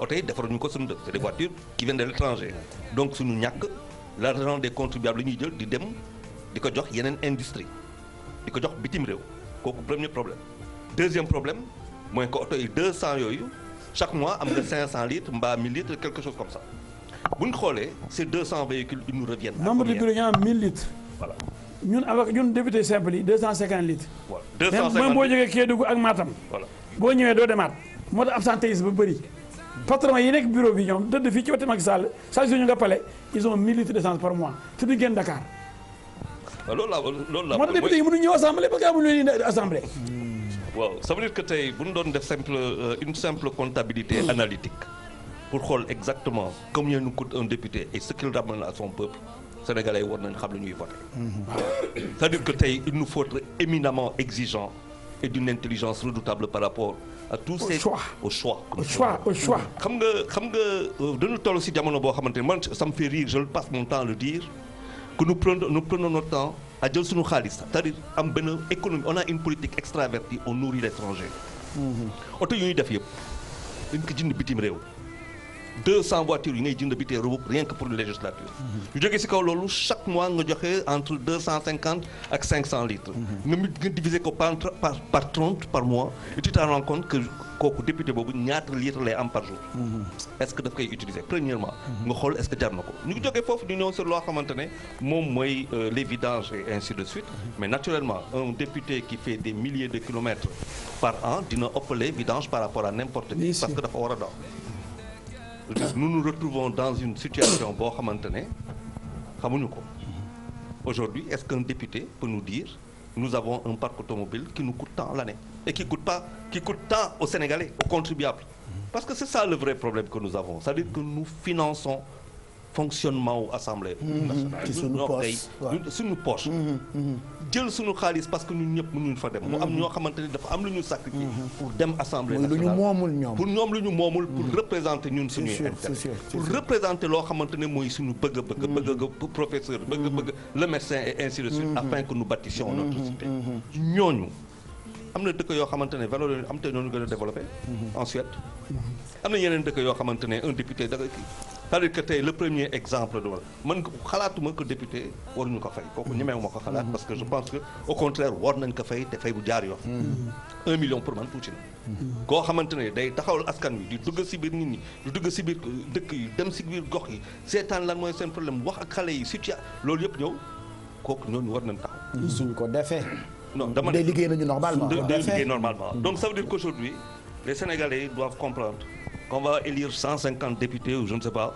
oto yi defaruñu ko suñu dëkk c'est des voitures qui viennent de l'étranger donc suñu ñàkk l'argent des contribuables la ñuy jël di dem di ko jox yeneen industrie di ko jox bitim réew kooku premier problème deuxième problème mooy que oto yi 200 yooyu chaque mois am nga 500 litres mbaa 1000 litres quelque chose comme ça bu ñu xoolee ces 200 véhicules ils nous reviennent. à nombre de brigand 1000 litres. ñun avec ñun député simple yi 250 litres. waaw 250 même boo jógee Kédougou ak Matam. voilà boo ñëwee doo demaat moo tax absentéisme ba bëri. patron yi nekk bureau bi ñoom dëdd fii ci wetu Macky Sall saa yu ñu nga pale ils ont 1000 litres d'essence par mois te duñ génn Dakar. loolu la loolu la moo tax député yi mënuñu ñëw assemblée parce que amuñu lu ñuy assemblée. Hmm. waaw ça que tey bu ñu doon def simple euh, une simple comptabilité analytique pour xool exactement comme nous coûte un député et ce qu'il sénégal yi war nañ xam lu ñuy voté c'est-à-dire que tey il nous faut être éminemment exigeant et d'une intelligence redoutable par rapport à tous ces choix au choix au choix choix xam nga xam nga euh, dañu toll si jamono boo xamante ne man ça me fait rire je passe mon temps à le dire que nous prenons notre temps à jël suñu xaalis c'est-à-dire am benn économie on a une politique extravertie on nourrit l'étranger mm-hmm. oto yu ñuy def yëpp dañ ko jënd bitim réew 200 voitures yi ngay jënd bi tey robuk rien que pour les législatives mhm. ñu jógee ci kaw loolu chaque mois nga joxe entre 250 ak 500 litres mhm. nga mit diviser ko par par par 30 par mois et tu t'en rends kooku député boobu ñaata litre lay am par jour mhm. est-ce que daf koy utiliser premièrement nga xool est-ce que jar na ko ñu ngi jógee foofu ñu ñëw sur loo xamante ne moom mooy euh, les vidanges et ainsi de suite mais naturellement un député qui fait des milliers de kilomètres par an dafa war a dox nous nous retrouvons dans une situation boo xamante ne xamuñu ko mm-hmm. aujourd'hui est-ce qu'un député peut nous dire nous avons un parc automobile qui nous coûte tant l'année et qui coûte pas qui coûte tant aux Sénégalais aux contribuables mm-hmm. parce que c'est ça le vrai problème que nous avons c'est-à-dire que nous finançons fonctionnement wu assemblée mm-hmm. nationale suñu poche jël suñu xaalis parce que ñun ñëpp mënuñ fa dem. mu am mhm. ñoo xamante ni dafa am lu ñu sacrifié. Mhm. pour dem assemblée nationale lu ñu moomul ñoom. pour ñoom lu ñu moomul pour mhm. représenter ñun suñuy intérêt pour représenter loo xamante ne mooy suñu bëgg bëgg bëgg professeur bëgg bëgg le médecin et ainsi de suite afin que nous bâtissions notre cité ñooñu am na dëkk yoo xamante ne valeur am te noonu gën a développé en am na yeneen dëkk yoo xamante ne un député da nga c'est-à-dire que tey le premier exemple du man xalaatuma ko député waruñu ko fay kooku ñemeewu ma ko xalaat parce que je pense que au contraire war nañ ko fay te fay bu jaar yoon un million pour man tuuti na koo xamante ne day taxawal askan wi di dugg si biir nit ñi di dugg si biir dëkk yi dem si biir gox yi seetaan lan mooy seen problème wax ak xale yi surtout loolu yëpp ñëw kooku ñooñu war nañ taxaw mm-hmm. suñ ko defee non dama day liggéey nañu normalement day liggéey normalement donc ça veut dire qu'aujourd'hui qu'on va élire 150 députés ou je ne sais pas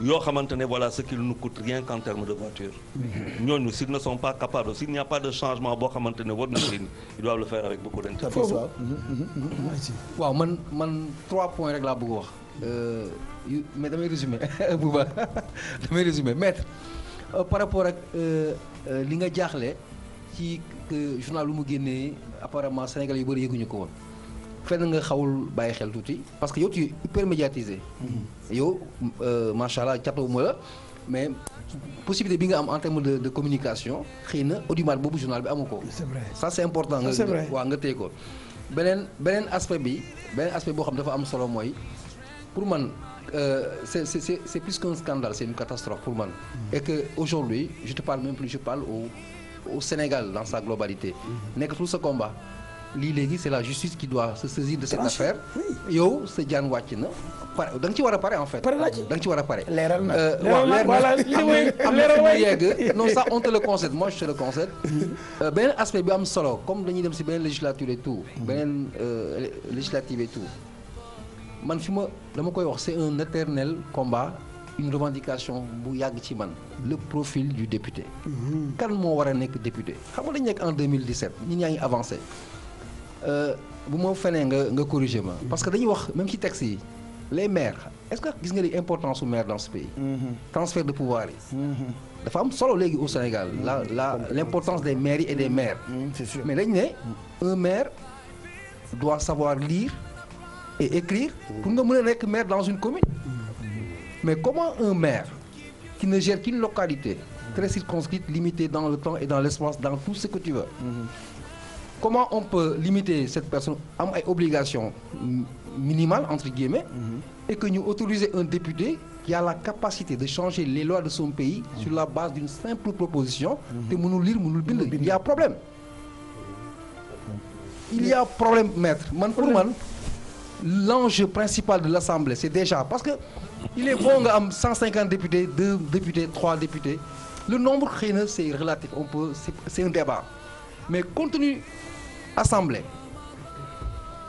yoo xamante ne voilà ce qu'il nous coûte rien qu'en termes de voiture ñooñu s'ils ne sont pas capables s'il n'y a pas de changement boo xamante ne war na leen ils doivent le faire avec beaucoup d'intérêt mm-hmm, mm-hmm, mm-hmm. waaw man man trois points rek laa bëgg wax euh, mais damay résumé bu baax damay résumé maître euh, par rapport ak euh, li nga jaaxle ci journal lu mu génnee apparemment Sénégal yu bëri yëguñu ko woon fenn nga xawul bàyyi xel tuuti parce que yow tu hyper médiatisé. Mhm. yow euh, macha allah catawuma la mais possibilité bi nga am en terme de communication xëy na audimat boobu journal bi amu ko. c'est vrai c'est important. nga ah, waaw nga téye ko. beneen beneen aspect bi beneen aspect boo xam dafa am solo mooy pour man euh, c'est c'est c'est plus qu'un scandale c'est une catastrophe pour man. Mhm. et que aujourd'hui je te parle même plus je parle au au Sénégal dans sa globalité. Mhm. nekkatul sa combat. lii léegi c'est la justice qui doit se saisir de cette affaire yow sa jaan wàcc na pare da ci war a pare en fait da nga ci war a pare leeral na euh, waaw leer na am na yegg non ça on le concède moi je le concède euh, beneen aspect bi am solo comme dañuy dem si beneen législature et tout beneen euh, législative et tout man fi ma dama koy wax c'est un éternel combat une revendication bu yàgg ci man le profil du député mhm. kan moo war a nekk député xam nga dañ nekk en 2017 ñi ñaa ngi avancé Euh, bu ma fenee nga nga corriger ma parce que dañuy wax même ci texte yi les maire est-ce que gis nga li importance su maire dans ce pays. Mm-hmm. transfert de pouvoir yi. Mm-hmm. dafa am solo léegi au Sénégal la mm-hmm. la l'importance des maires et des maires. c'est sûr mais dañu ne un maire doit savoir lire et écrire pour nga mën a nekk maire dans une commune. mais comment un maire qui ne gère qu'une localité très circonscrite limitée dans le temps et dans l'espace dans tout ce que comment on peut limiter cette personne am ay obligations minimales entre guillemets. Mhm. et que ñu autoriser un député qui a la capacité de changer les lois de son pays mhm. sur la base d'une simple proposition. Mhm. te mënul lire mënul bind. il y a problème. il problème maître man pour man l'enjeu principal de l'Assemblée c'est déjà parce que il est bon nga am 150 députés 2 députés 3 députés le nombre xëy na c'est relatif c'est un débat mais compte tenu assemblée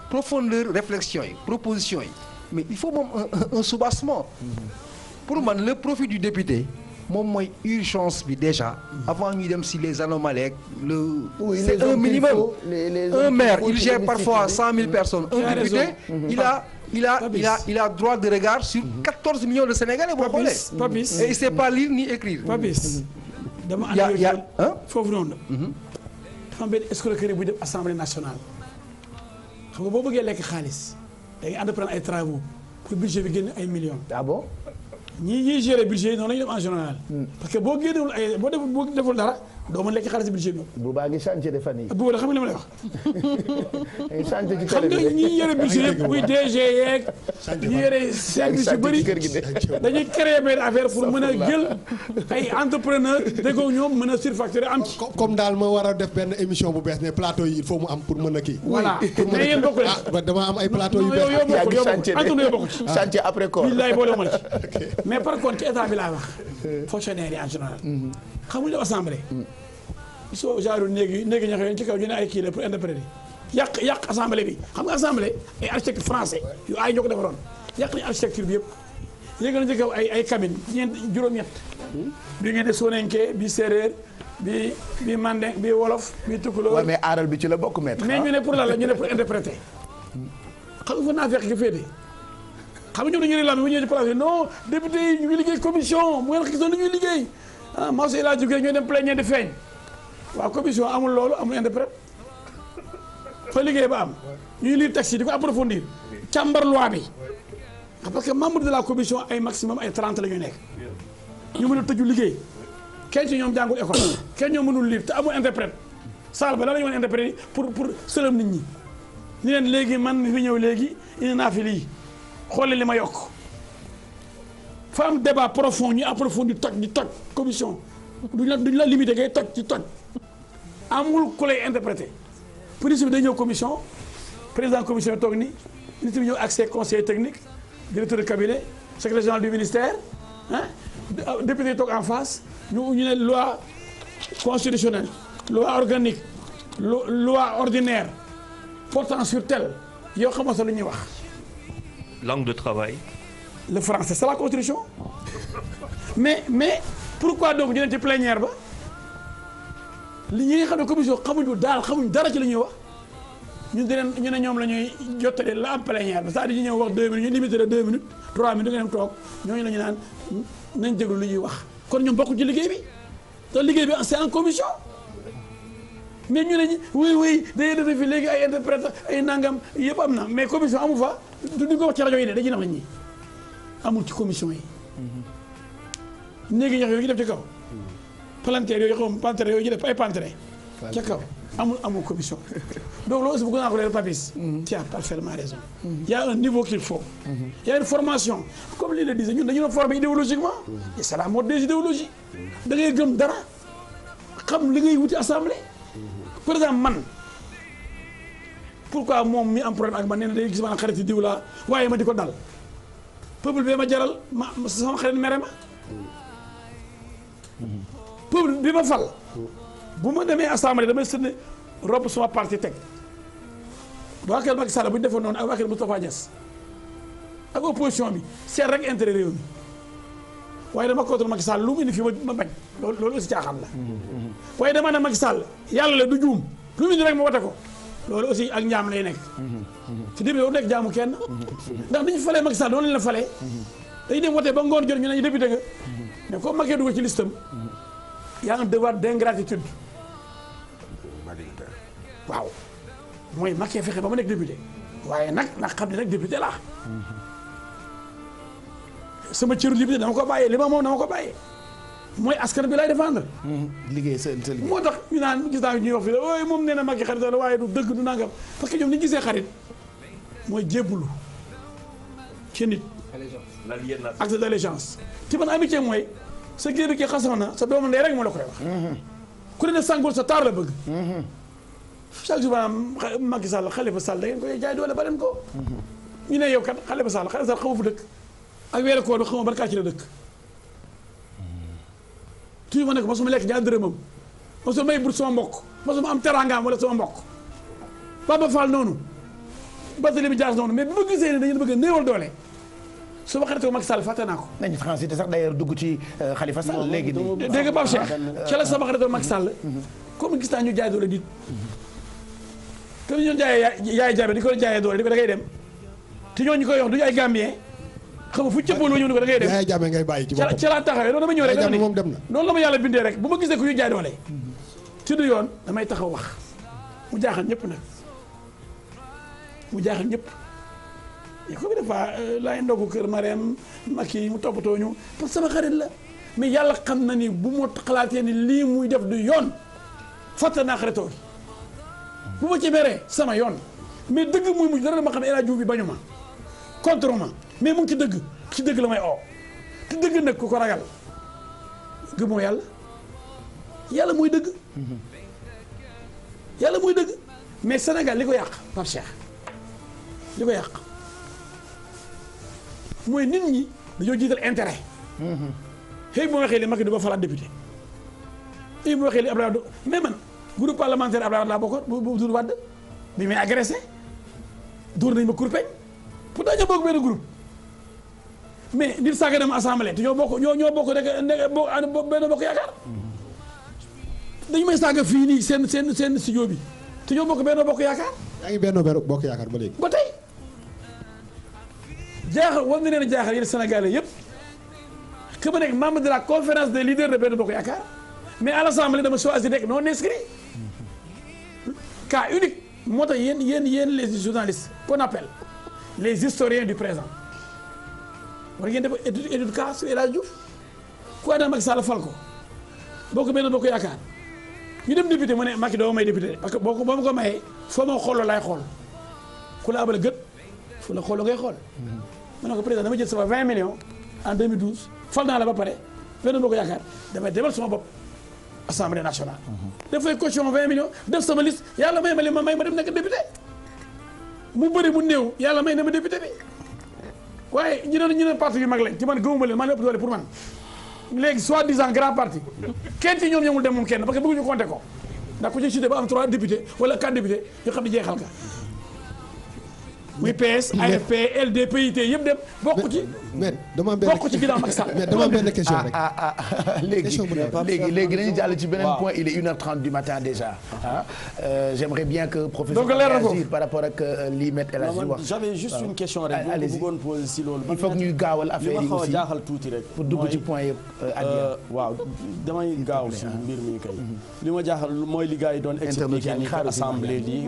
profondeur réflexion yi proposition yi mais il faut moom soubassement man le profit du député moom mooy urgence bi déjà avant ñuy dem si les anomalies le oui, c'est un minimum les, les un maire il gère parfois cent mille personnes un il député raison. Mhm. il a droit de regard sur mhm. quatorze millions de Sénégalais boo xoolee et il sait pas lire ni écrire Papis mhm. dama andi foofu noonu dafa am benn escroquerie bu def assemblée nationale xam nga boo bëggee lekk xaalis da ngay ay travaux pour budget bi génn ay millions. ah bon ñii ñuy gérer budget yi noonu la ñuy def en général. Hmm. parce boo génnewul ay boo deful dara. doo mën lekk xaalis budget bi. Bouba ngi chanté de fan yii. Bouba xam nga li ma lay wax. ngi chanté ci xam nga ñi yore budget yëpp muy DG yeeg. ñi dañuy créer benn affaire pour mën a jël ay entrepreneur déggoo ñoom mën a surfacturer am ci. comme daal ma war a def benn émission bu bees ne plateau yi il faut mu am pour mën a kii. voilà mais yéen bokkul ah dama am ay plateau yu bees. yow bokkul yow bokkul yow bokkul chanté après quoi. billaay boole ma ci mais par contre ci état bi laay wax euh. fonctionnaire yi en général. Mm-hmm. xamuñu assemblée. soo genre néegi néegi ñax yooyu ci kaw ñu ne ay kii la pour interpréter yàq yàq bi xam nga assemblée ay architecte français yu ay ñoo ko defaroon yàq nañu architecture bi yëpp yëgal nañu ci kaw ay ay cabine ñeent juróom-ñett bi ngeen di Soninké bi séeréer bi bi mandeng bi wolof bi tukulóor. waaw mais aaral bi ci la bokk maître mais ah. ñu ne pour la la ñu ne pour interpréter xam nga fa naa fekk la bu ñëwee ci liggéey commission mu ngeen gisoon li ñuy liggéey ah Mansour yi laa jógee ñooy dem plénière di feeñ waaw commission amul loolu amul interprète fa liggéey ba am ñuy lire texte yi di ko approfondir càmbar loi bi ah, parce que membre de la commission ay maximum ay 30 la ñu nekk ñu mën a tëju liggéey kenn ci ñoom jàngul école kenn ñoo mënul lire te amul interprète saal ba la ñu mën a interpréter pour pour sëlëm nit ñi ñu leen léegi man fi ñëw léegi indi naa fi lii xoole li ma yokk fa am débat profond ñu approfondi toj di toj commission duñ la duñ la limité ngay toj di toj am ku lay interprété ministre bi day ñëw commission président commission toog ni ministre bi ñëw ak ses conseillers techniques directeur de cabinet secrétaire général du ministère ah député toog en face ñu ñu ne loi constitutionnelle loi organique loi ordinaire portant sur tel yow xamoo sax lu ñuy wax langue de travail le français c'est la constitution mais mais pourquoi donc ñu leen ci plénière ba li ñi nga xam ne commission xamuñu daal xamuñ dara ci li ñuy wax ñun dinañ ñu ne ñoom la ñuy jottali la am plénière ba c'est-à-dire ñu ñëw wax deux minutes ñu limité la deux minutes trois minutes dinañ toog ñooñu la ñu naan nañ déglu li ñuy wax kon ñoom bokkuñ ci liggéey bi te liggéey bi c'est en commission mais ñu ne ñu oui oui dañuy def fi léegi ay interprète ay nangam yëpp am na mais commission amu fa duñ ko wax ci rajo yi de dañuy nax la ñi amul ci commission yi. néegi ñax yooyu ñu def ci kaw. palanteer yooyu xaw ma palanteer yooyu ñu def ay palanteer. ca kaw amul amul commission. donc loolu aussi bëgg naa ko mhm. mhm. a un niveau qu'il faut. Mhm. y' a une formation comme li le disait ñun dañu doon former idéologiquement. et c'est la mode des idéologies. da ngay gëm dara xam li ngay wuti assemblée. par exemple man pourquoi moom mi am problème ak ma nee na day gis maanaam xarit diw la waaye ma di ko dal. peuple bi ma jaral ma sama xarit mere ma peuple bi ma fal bu ma demee assemblée damay sënni rob suma parti teg waa kër Macky Sall bu ñu defoon noonu ak waa kër Moustapha ak opposition bi seet rek intérêt réew mi waaye dama contre Macky Sall lu mu indi fii ma bañ loolu loolu aussi caaxaan la mm-hmm. waaye dama ma Macky Sall yàlla la du juum lu mu indi rek ma wate ko loolu aussi ak ñaam lay nekk. ci député waru nekk jaamu kenn. ndax ni ñu falee Macky Sall noonu lañ la falee. dañu dem wote ba ngoon jot ñu ne ñu député nga. mais comme Macky dugg ci listam y a un devoir d'ingratitude. waaw mooy Macky fexe ba mu nekk député waaye nag nag xam ne nag député laa. sama cëru député dama ko bàyyee li ma moom dama ko bàyyee. mooy askan bi lay défendre. Mm-hmm. liggéey sa liggéey. moo tax ñu naan gis naa ñuy wax fi la waaye moom nee na Macky xarit la waaye du dëgg du nangam parce que ñoom ni ñu gisee xarit mooy jébbalu ci nit. acte d'allégeance te man amitié mooy sa géeru ki xasoon na sa doomu ndey rek moo la koy wax. Mm-hmm. ku ne sàngul sa taar la bëgg. Mm-hmm. chaque jour maanaam Macky Sall Khalifa Sall da ngeen koy jaay doole ba leen ko. ñu ne yow kat Khalifa Sall Khalifa Sall xamu fu dëkk ak weeru koor bi xamoo ban kàcc la dëkk. toujours ma nekk ko mosuma lekk ñaar dërëmam mosuma may bur sama mbokk mosuma am teraangaam wala sama mbokk Papa Fall noonu Barthélémy Dias noonu mais bu ma gisee ne dañu bëgg a néewal doole su ma xaritoo Macky Sall fàtte naa ko. dugg ci euh, Khalifa Sall léegi nii. dégg nga Pape Cheikh ca la mm-hmm. comme gis naa ñu jaay doole nit. comme ñu jaayee yaay jaay di koy jaayee doole di ko da ngay dem ñoo ñu koy wax duñu ay Gambien. xam nga fu cëppoon ma ñëw ni ko da ngay dem yaay jàmme ngay bàyyi ci boppam ca laa taxawee noonu dama ñëw rek dama moom dem na noonu la ma yàlla bindee rek bu ma gisee ku ñu jaay doole ci du yoon damay taxaw wax mu jaaxal ñëpp nag mu jaaxal ñëpp et comme des fois euh, laay ndogu kër Marème mag yi mu toppatoo ñu parce que sama xarit la mais yàlla xam na ni bu ma xalaatee ni lii muy def du yoon fàtte naa xaritoo gi bu ma ci meree sama yoon mais dëgg muy mujj dara bi bañu ma contre mais mu ci dëgg ci dëgg la may oo te dëgg nag ku ko ragal gëmoo yàlla yàlla mooy dëgg yàlla mooy dëgg mais Sénégal li ko yàq Pape Cheikh li ko yàq mooy nit ñi dañoo jiital intérêt xëy moo waxee li Macky du ba falaat député xëy moo waxee li Abdoulaye Wade mais man groupe parlementaire Abdoulaye Wade laa bokkoon bu dul Wade bi may agressé dóor nañ ma kurpeñ pourtant ñoo bokk benn groupe mais nit saaga dem assemblée te ñoo bokk ñoo ñoo bokk rek benn bokk yaakaar dañu may saaga fii nii seen seen seen studio bi te ñoo bokk benn bokk yaakaar. yaa ngi benn bokk yaakaar ba léegi. ba tey jaaxal war na leen jaaxal yéen Sénégalais yëpp que nekk membre de la conférence des leaders de benn bokk yaakaar mais à l'assemblée dama choisir rek non inscrit cas unique moo tax yéen yéen yéen les journalistes qu'on appelle les historiens du présent. war ngeen def étude cas sur El Hadj Diouf ku ànd ak Macky Sall fal ko boo ko benn boo ko yaakaar ñu dem député mu ne Macky doo may député parce que boo ko boo ma ko mayee foo ma xooloo laay xool ku la abal gët fu la xooloo ngay xool. ma ne ko président dama jël sama 20 millions en 2012 fal naa la ba pare benn boo ko yaakaar damay demal sama bopp assemblée nationale. dafay caution 20 millions def sama liste yàlla may ma li ma may ma dem nekk waaye ñu ne ñu ne parti yu mag lañ ci man gëmuma leen maa leen ëpp doole pour man léegi soi-disant grand parti kenn ci ñoom ñoomul dem moom kenn parce que bëgguñu compter ko ndax ku ci cité ba am 3 député wala 4 député ñu xam ne jeexal nga muy PS AFP LDP IT yëpp dem question ah ah, ah, ah ah léegi léegi léegi il est du matin déjà. Euh, j'aimerais bien que professeur. donc leer ko par rapport ak euh, lii maître El Hadji wax. j'avais juste une question rek. allez-y bëggoon poser si loolu. il faut que ñuy gaawal affaire yi aussi li ma xaw a jaaxal tuuti rek. pour dugg ci point yëpp euh, waaw damay gaaw si mbir mi kay. Mhm. li ma jaaxal mooy li gars yi assemblée lii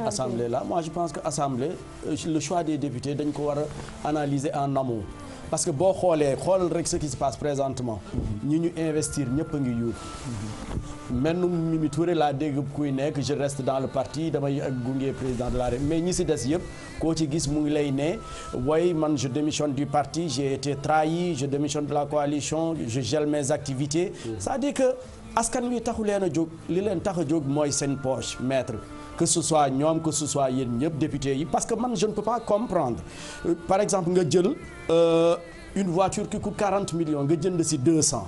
je pense que assemblée le choix choix des députés dañ ko war a analyser en amont parce que boo xoolee xoolal rek ce qui se passe présentement ñi ñu investir ñëpp a ngi yuur mennum Mimi Touré laa dégg kuy nekk je reste dans le parti damay ak gunge président de la République mais ñi si des yëpp koo ci gis mu ngi lay ne way man je démissionne du parti j'ai été trahi je démissionne de la coalition je gèle mes activités c'est-à-dire que askan wi taxu leen a jóg li leen tax a jóg mooy seen poche maître que ce soit ñoom que ce soit yéen ñëpp député yi parce que man je ne peux pas comprendre euh, par exemple nga jël euh, une voiture qui coûte 40 millions nga jënd si 200.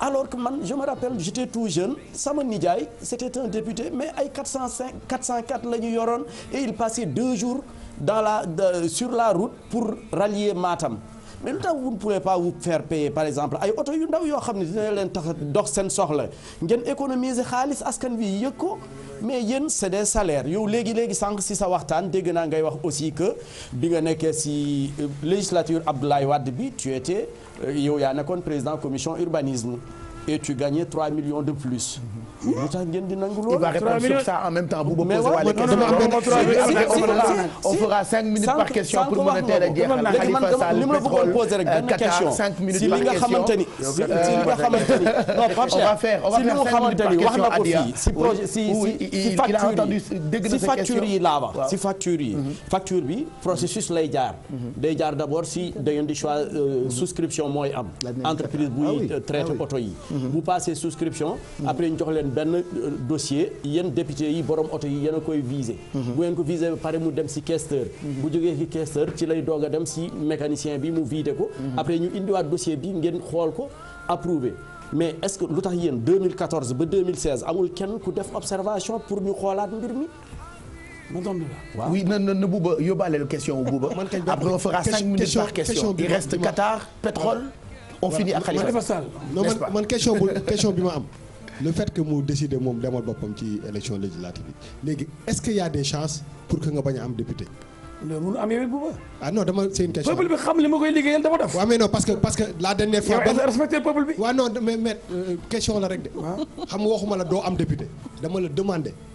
alors que man je me rappelle j'étais tout jeune sama nijaay c'était un député mais ay 405 404 la ñu yoroon et il passait deux jours dans la sur la route pour rallier Matam. mais lu tax vous ne pouvez pas vous faire payer par exemple ay oto yu ndaw yoo xam ne dina leen tax dox seen soxla ngeen économiser xaalis askan wi yëg ko mais yéen c'est des salaires yow léegi léegi sànq si sa waxtaan dégg naa ngay wax aussi que bi nga nekkee si euh, législature Abdoulaye Wade bi tu étais euh, yow yaa ne kon président commission urbanisme et tu gagnais 3 millions de plus. Mm-hmm. lu tax ngeen di nangu loolu. il va répondre sur ça en même temps bu ba posé waale question. on fera cinq minutes par question pour mën a teel a jeexal. Khalifa Sall pétrole euh, euh, si li nga euh, xamante si li nga xamante si projet si si si facture yi laa wax si facture yi. Mhm. facture bi processus lay jaar. Mhm. day jaar d' si da ngeen di choix souscription mooy am. entreprise buy traité ah oto yi. bu passé souscription après ñu jox leen leen benn euh, dossier yéen député yi borom oto yi yéen a koy visé. Mhm. bu ngeen ko visé ba pare mu dem si caisseur. Mhm. bu jógee ci caisseur ci lay doog a dem si mécanicien bi mu vidé ko. Mhm. après ñu indiwaat dossier bi ngeen xool ko approuvé. mais est lu tax yéen 2014 ba amul kenn ku def observation pour ñu xoolaat mbir mi. ma tontu la waaw oui na na na Bouba yóbbaale question wu Bouba. man kay après on fera 5 minutes par question bi ma am. lu fait que mu décider moom demal boppam ci élection législative yi léegi est-ce que y a des chances pour que nga bañ am député. loolu mun am yow bu ba ah non dama c'est question. peuple bi xam li ma koy liggéeyal dama def. waaw mais non parce que parce que la dernière fois. yow respecté peuple bi. waaw non mais mais euh, question la rek de. xam nga waxuma la doo am député dama la demander.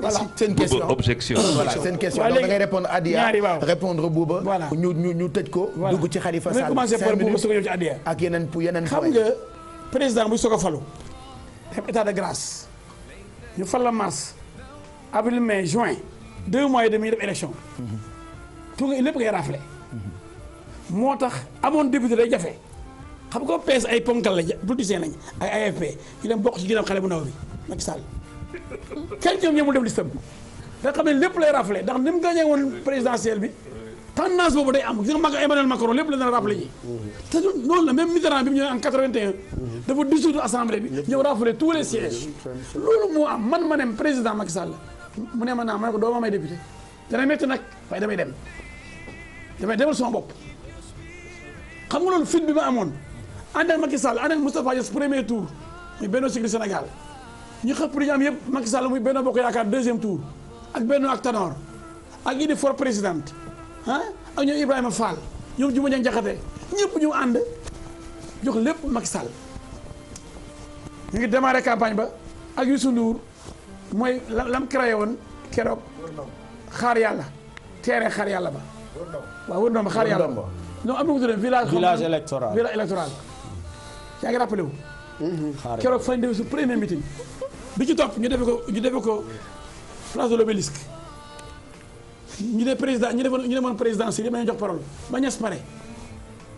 voilà seen question objection voilà seen question donc da ngay répondre Adia ñu ñu ñu tëj ko. dugg ci Khalifa Sall. commencé par Bouba soog a ñëw ci Adia. ak yeneen pour yeneen xam nga président bu soog a falu. def état de grâce. ñu fal la mars. avril mais juin. deux mois et demi def élection. tout nga lépp ngay raflé. moo tax amoon député day jafe. xam ko PS ay ponkal la politicien lañ ay AFP ñu dem bokk ci ginnaaw xale bu naw bi Macky Sall. kenn ci ñoom mu def listam nga xam ne lépp lay raflé ndax ni mu woon présidentiel bi tendance boobu day am gis nga mag Emmanuel Macron lépp la dana raflé ji te loolu la même Mitterrand bi mu ñëwee en 81 dafa dissoudre assemblée bi ñëw raflé tous les sièges loolu moo am man ma ne président Macky Sall mu nee ma naa ma ne ko doo ma may député dana métti nag waaye damay dem damay demal sama bopp xam nga loolu fit bi ma amoon ànd ak Macky Sall ànd ak Moustapha Niasse premier tour muy Benno Siggil Sénégal ñu xëpp li ñu am yëpp Macky Sall muy Benno Bokk Yaakaar deuxième tour ak Benno ak Tanor ak Idy for président ah ak ñoom Ibrahima Fall ñëw Juma Ndiaye Ndiakhate ñëpp ñu ànd jox lépp Macky Sall mu ngi démarré campagne ba ak Youssou Ndour mooy lam créé woon keroog xaar yàlla terrain xaar yàlla ba waaw wër ndomba xaar yàlla ba non am na ko tuddee village village électoral village électoral yaa ngi rappelé wu keroog fañ def su premier meeting bi ci topp ñu defe ko ñu defe ko place de l'obélisque ñu ne président ñu defoon ñu demoon président jox parole ba ñes pare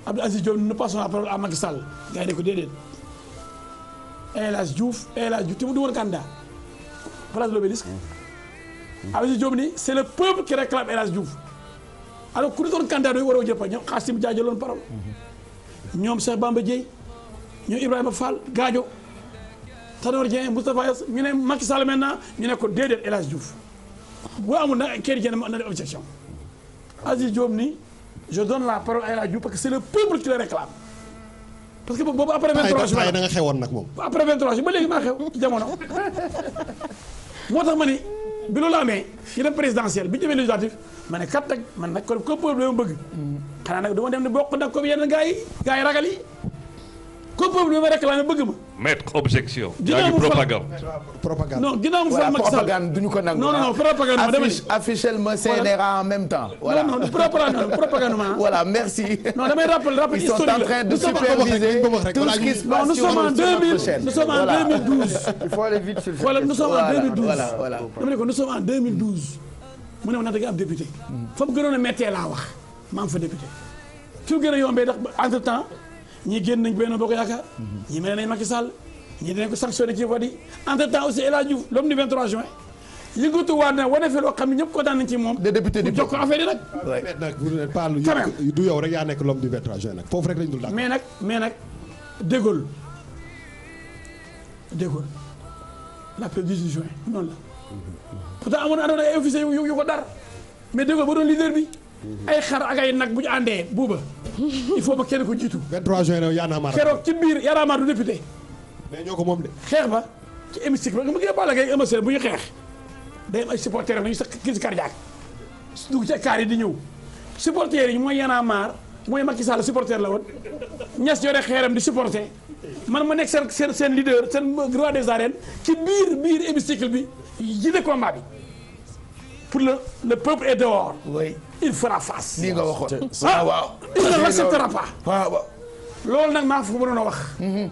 Abdou Aziz Diop nous passons la parole à Macky Sall gars ko déedéet El Hadj Diouf El Hadj Diouf te mu du woon candidat place de l'obélisque Aziz Diop ni c'est le peuple qui réclame El Hadj Diouf alors ku doon candidat dooy waroo jël pa ñoom Xaasim Jaa jëloon parole mhm. ñoom Cheikh Bamba Dieye ñoom Ibrahima Fall gaajo Tanor Dieng Moustapha Niass ñu ne Macky Sall maintenant ñu ne ko déedéet El Hadj Diouf boo amul nag kenn jënd ma na def objection Aziz Diop ni je donne la parole à El Hadj Diouf parce que c'est le peuple qui le réclame parce que boobu après 23 ba léegi maa xew jamono moo tax ma ni bi loolu amee ñu dem présidentielle bi ñu demee législatif ma ne kat nag man nag ko ko peuple bëgg. Mm. xanaa nag dama dem ne bokk nag ko yenn gars yi gars yi ragal ko peuple bi ma réclamé bëgg ma. maître objection. yaa ngi propagande propagande. non ginnaaw mu fal Macky Sall propagande duñu ko nangu. non non propagande ma damay affichel ma CNRA en même temps. voilà non non propagande propagande ma. voilà merci. non damay rappel rappel historique la ils sont en train de superviser tout ce qui se passe. nous sommes en 2000 nous sommes en 2012. il faut aller vite sur le. voilà nous sommes en 2012 voilà voilà. dama ne ko nous sommes en 2012. mu ne ma naka nga am député. Hmm. fa mu gënoon a méttee laa wax maa ngi fa député. fi mu gën a yombee ndax entre temps. ñi génn nañ benn bokk yaakaar ñi mel nañ Macky Sall ñi dinañ ko sanctionné ci vote yi entre temps aussi El Hadj Diouf l'homme du 23 juin yëngatuwaat na wane fi loo xam ne ñëpp kontaan nañ ci moom. de député di jokk affaire nag. nag du yow rek yaa nekk l'homme du 23 juin nag foofu rek lañ dul daal. mais nag mais nag De Gaulle De Gaulle l'après 18 juin noonu la mm-hmm, mm-hmm. pourtant amoon na amoon ay officiers yu ko dar mais De ba doon leader bi. Mm-hmm. ay xar ak ay nag bu ñu àndee buuba. il faut ba kenn ko jiitu. 23 juin la Yann Amar keroog ci biir Yann Amar du député. mais ñoo ko moom de. xeex ba ci hémicycle ba nga gën a bu ñu xeex day am ay supporteurs nañu sax crise cardiaque dugg ci kaar yi di ñëw supporteurs yi mooy Yann Amar mooy Macky Sall supporter la woon ñes yore xeeram di supporter man ma nekk seen seen seen leader seen roi des arènes ci biir biir hémicycle bi jiite combat bi pour le le peuple est dehors. oui. il fera face. lii nga waxoon ah waaw. il ne l'acceptera pas. waaw ah, waaw. loolu nag maa ngi ko mënoon a wax. Mhm.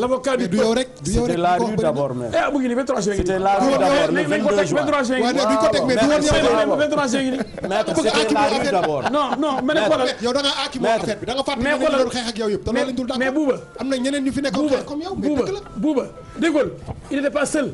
l'avocat du yow rek du yow rek la rue d'abord eh mu ngi nii 23 juin. c'était la rue ah, d'abord le 22 juin waaw duñ ko teg mais du woon yow 23 juin nii. maître c'était la rue d'abord. non non mais nag xoolal. yow da nga aakimoo affaire bi da nga fàttali ne doon xeex ak yow yëpp. te loolu lañ dul d'accord mais buuba. am na ñeneen ñu fi nekkoon xeex comme yow. mais dëgg la buuba buuba déggoo il n'était pas seul.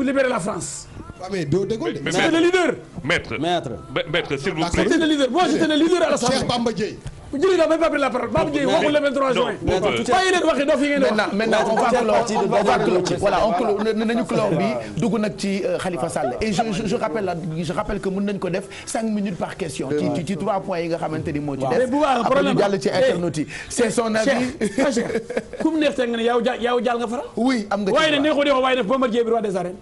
pour libérer la France. Ah, mais doo déggoo de. mais maître c'était le leader. maître maître. maître s'il vous plaît. c'était le leader moi j'étais le leader à l'Assemblée. Cheikh Bamba Dièye. jëli na ba papi la parole Babou Dieye waxul le 23 juin bàyyi leen waxi dof yi ngeen wax maintenant on va clore on va clore voilà on clore nañu clore bi dugg nag ci euh, Khalifa Sall et je je rappelle la je rappelle que mën nañ ko def 5 minutes par question ci ci 3 points yi nga xamante ni moo ci def après ñu jàll ci eh, internautes yi c'est eh, son avis kum neex te nga ne yow yow jàll nga fara oui am nga waaye ne neexoo neexoo waaye def Bombardier bi roi des arènes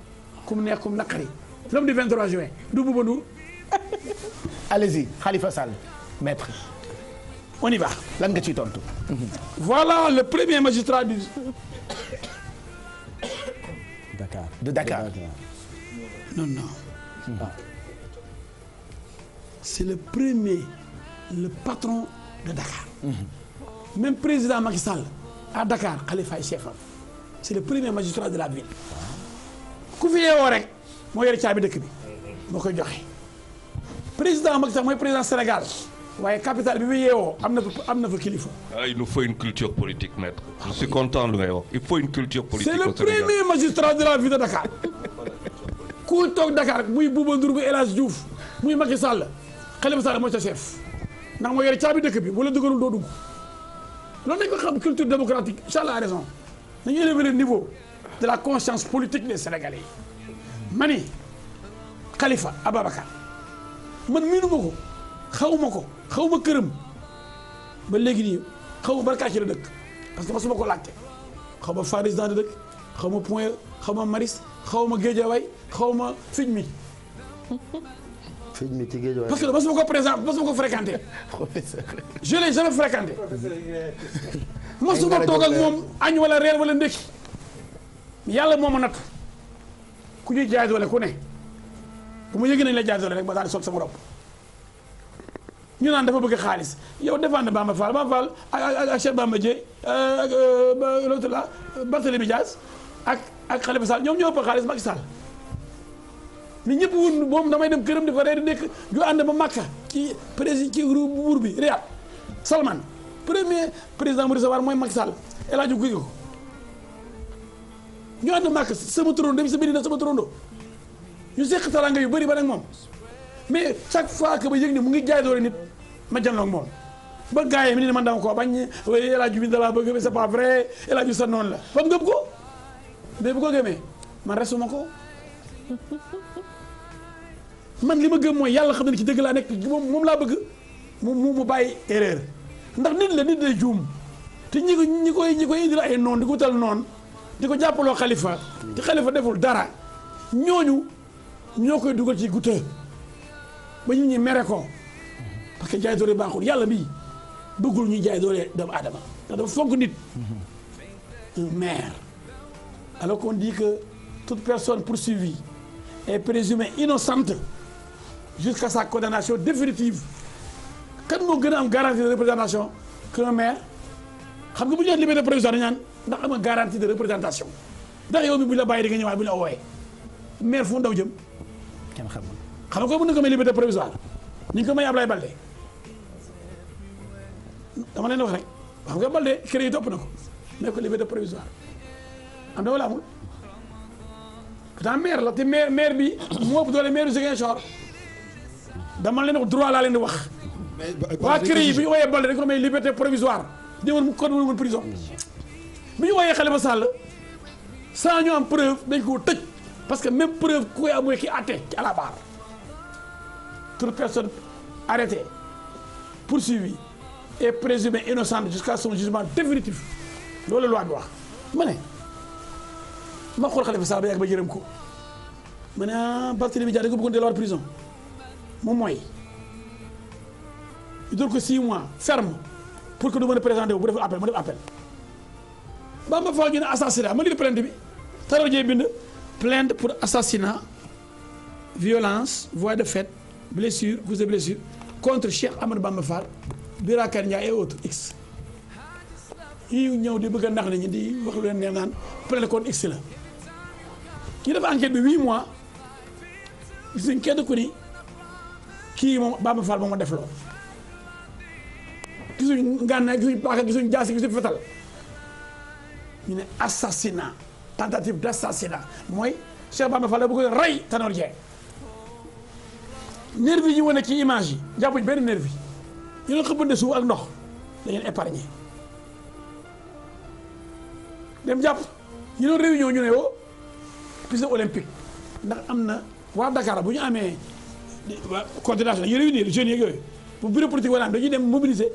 kum neex kum naqari l'homme du 23 juin du Bouba Ndour allez-y Khalifa Sall maître on y va lan nga ciy tontu. voilà le premier magistrat du. Dakar non non. c'est le premier le patron de Dakar. Mhm. même président Macky Sall à Dakar Khalifa chef am c'est le premier magistrat de la ville. ku fi rek moo yore caabi dëkk bi moo koy joxe président Macky mooy président Sénégal. waaye capital bi mu yeewoo am na fa am na fa kilifa. Ah, il nous faut une culture politique maître. je suis content lu ngay wax il faut une culture politique. au Sénégal c'est le premier magistrat de la ville de Dakar. ku toog Dakar muy Bouba Ndour muy El Hadj Diouf muy Macky Sall Khalifa Sall mooy sa chef ndax moo yore caabi dëkk bi bu la dëgërul doo dugg loolu nañ ko xam culture démocratique Charles a raison nañu élever le niveau de la conscience politique des Sénégalais yi ma ni Khalifa man miinu ko. xawma ko xawma këram ba léegi nii xaw ma ban quartier la dëkk parce que masuma ko laajte xaw ma Faris dans dëkk xaw ma Point xaw ma Maris xawma ma Géejawaay xaw ma mi. fiñ mi ci Géejawaay parce que masuma ko présent masuma ko fréquenté. je l'ai jamais fréquenté. masuma toog ak moom añ wala reer wala ndékki. yàlla moo ma natt ku ñuy jaay doole ku ne bu ma yëg nañ la jaay doole rek ba daal di sama rob ñu naan dafa bëgg xaalis yow défendre Bamba Fall Bamba Fall ak ak Cheikh Bamba Dièye euh, ak loolu euh, la Barthélémy Dias ak ak Khalifa Sall ñoom ñoo ëpp xaalis Macky Sall ni ñëpp wun moom damay dem këram dafa reer di nekk ñu ànd ba Makka ci président buur bi Riyad Salman premier président mu recevoir mooy Macky Sall El Hadj Guèye ko ñu ànd Makka sama turando dem si Medina sama turando ñu seq talanga yu bari ba nag moom. mais chaque fois ak ba yëg ni mu ngi jaay doole nit ma jànloo ak moom ba gars yi mi ne man dama ko bañ El Hadj bi da la bëgg sa noonu la ba mu ko mais bu ko gëmee man ko man li ma gëm mooy yàlla xam ne ci dëgg laa nekk moom moom laa bëgg mu mu bàyyi erreur ndax nit la nit day juum te ñi ko ñi ko ñi koy indil ay noon di ko wutal noon di ko jàppaloo xalifa te xalifa deful dara ñooñu ñoo koy dugal ci gutte. ba ñu ñi mere ko parce jaay doole baaxul yàlla bi bëggul ñu jaay doole doomu aadama ndax dafa fonk nit un maire alors qu'on dit que toute personne poursuivie est présumée innocente jusqu'à sa condamnation définitive kan moo gën a am garantie de représentation qu'un maire xam nga bu ñu wax liberté provisoire dañu naan ndax am nga garantie de yow mi bu ñu la bàyyi di nga ñëwaat bu ñu la wooyee maire fu ndaw jëm kenn xam nga ko mën na ko may liberté provisoire ni ko may Ablaye Balde dama leen wax rek xam nga Balde kër yi topp na ko may ko liberté provisoire am na wala amul pourtant la te maire bi moo ëpp doole maire Ziguinchor dama leen wax droit laa leen di wax. waa kër yi bi ñu ooyee Balde dañu ko may liberté provisoire ñëwoon may code woon prison bi ñu ooyee Khalifa Sall sans ñu am preuve dañ koo tëj parce que même preuve ku koy am ki àtte ci à la toute personne arrêtée poursuivie et présumée innocente jusqu'à son jugement définitif loolu la loi bi wax ma ne ma xool Khalifa Sall ba yàgg ba yërëm ko ma ne ah Barthélémy Dias da nga bëggoon delluwaat prison moom mooy ñu doon ko 6 mois ferme pour que du mën a présenté bu def appel ma def appel ba ma faa ñu ne assassinat ma lii plainte bi tarar jee bind plainte pour assassinat violence voie de fait blessure, cause de blessure, contre Cheikh Ahmed Bamba Fall, Birakar Ndiaye et autres X. yii ñëw di bëgg a nax nit ñi di wax lu leen neex naan plainte contre X la ñu bi huit mois gis kenn ku ni kii moom Bamba Fall moom a def loolu. gisuñ ngànnaay gisuñ paaka gisuñ jaasi gisuñ fetal ñu ne assassinat tentative d' assassinat mooy Cheikh Bamba Fall bu koy rey Tanor Dieng. nervi yi wane ci image yi jàppuñ benn nervi yi ñu ne xëppante suuf ak ndox dañu épargné dem jàpp ñu doon réunion ñu ne woo piscine olympique ndax am na waa Dakar bu ñu amee coordination ñu réunir jeunes yeeg yooyu bu bureau politique wala ñu dem mobiliser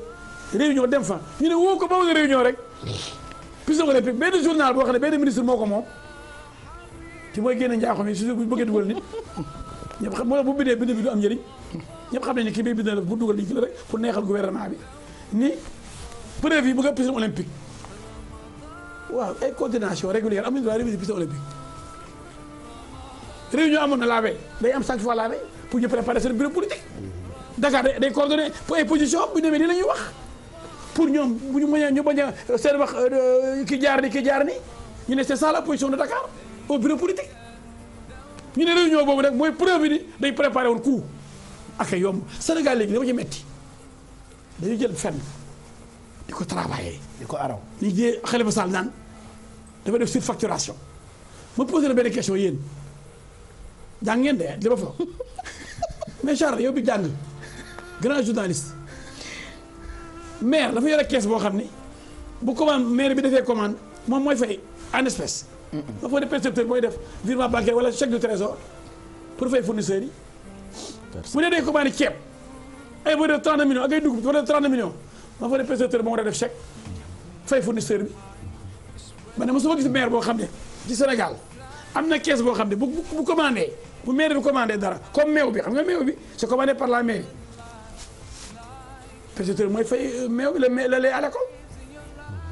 réunion dem fa ñu ne woo ko ba wala réunion rek piscine olympique benn journal boo xam ne benn ministre moo ko moom ci mooy génne njaaxum yi su bu bëggee dugal nit ñëpp xam moo tax bu bindee bind bi am njëriñ ñëpp xam nañu bi bind la bu dugal lii ci la rek pour neexal gouvernement bi ni preuve yi olympique waaw ay coordination régulière amuñu droit réviser piscine olympique réunion amoon na la day am chaque fois la veille pour ñu préparer seen bureau politique Dakar day coordonné pour ay position bu ñu demee nii la wax pour ñoom bu ñu mënee ñu bañ a seen wax euh, euh, ki jaar ni ki jaar ni ñu ne c'est ça la position de Dakar au bureau politique ñu ne réunion boobu nag mooy preuve ni dañ préparé woon coup ak yomb Sénégal léegi dama ci metti dañu jël fenn di ko travailler. di ko araw liggéey Khalifa Sall naan dafa def surfacturation ma posé la benn question yéen jàng ngeen de li ma fa mais yow bi jàng grand journaliste maire dafa yore kees boo xam ni bu commande maire bi defee commande moom mooy fay en espèce. ba mooy def virement bancaire wala chèque du trésor pour fay fournisseurs yi. bu dee day commandé ceeb ay boo def 30 millions ak ay dugub boo def ne percepteur def chèque fay fournisseur bi. ma ne su ma gis maire boo xam ne ci Sénégal am na kees boo xam ne bu bu commandé bu maire bi commandé dara comme meew bi xam nga meew bi c'est commandé par la mairie percepteur mooy fay euh, meew la lay à l'école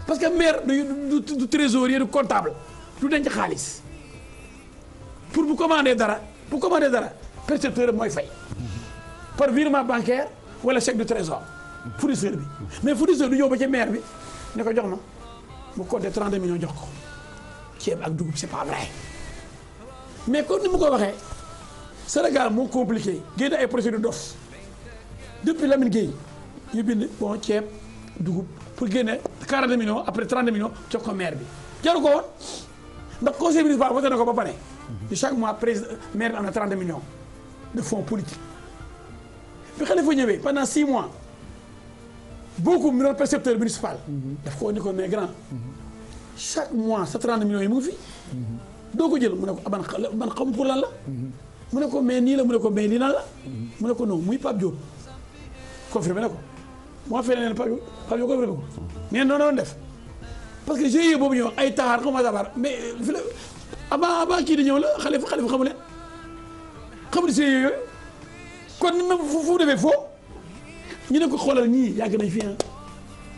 parce que maire du du trésorier du comptable. du denc xaalis pour bu commandé dara bu commandé dara percepteur mooy fay par virement bancaire wala chèque de trésor fournisseur bi mais fournisseur du ñëw ba ci maire bi ne ko jox ma mu compté 32 millions jox ko ceeb ak dugub c'est pas mais comme ni mu ko waxee Sénégal moo compliqué génne ay procédure dof depuis Lamine Gueye ñu bind bon ceeb dugub pour génne 40 millions après 30 millions jox ko maire bi jaru ko ndax conseil municipal voté ne ko ba pare. te chaque mois président maire bi am na de millions de fonds politiques bi foo ñëwee pandant 6 mois boo beaucoup millions percepteur municipal. daf ko indi ko mais grand. chaque mois sa 30 millions yi mu fi. doo ko jël mu ne ko aban ah, man xamu pour lan la. mu ne ko mais nii la mu ne ko mais lii lan la. mu ne ko non muy Pape Diop confirmé na ko moo fee ne leen Pape Diop Pape Diop confirmé ko. nee na noonu def. parce que GIE boobu ñuy wax ay taar xaw ma mais euh, fi la avant avant kii di ñëw la xalifa xalifa xamu leen xamu ne GIE yooyu kon même fu fu defee foo ñu ne ko xoolal ñii yàgg nañ fi ah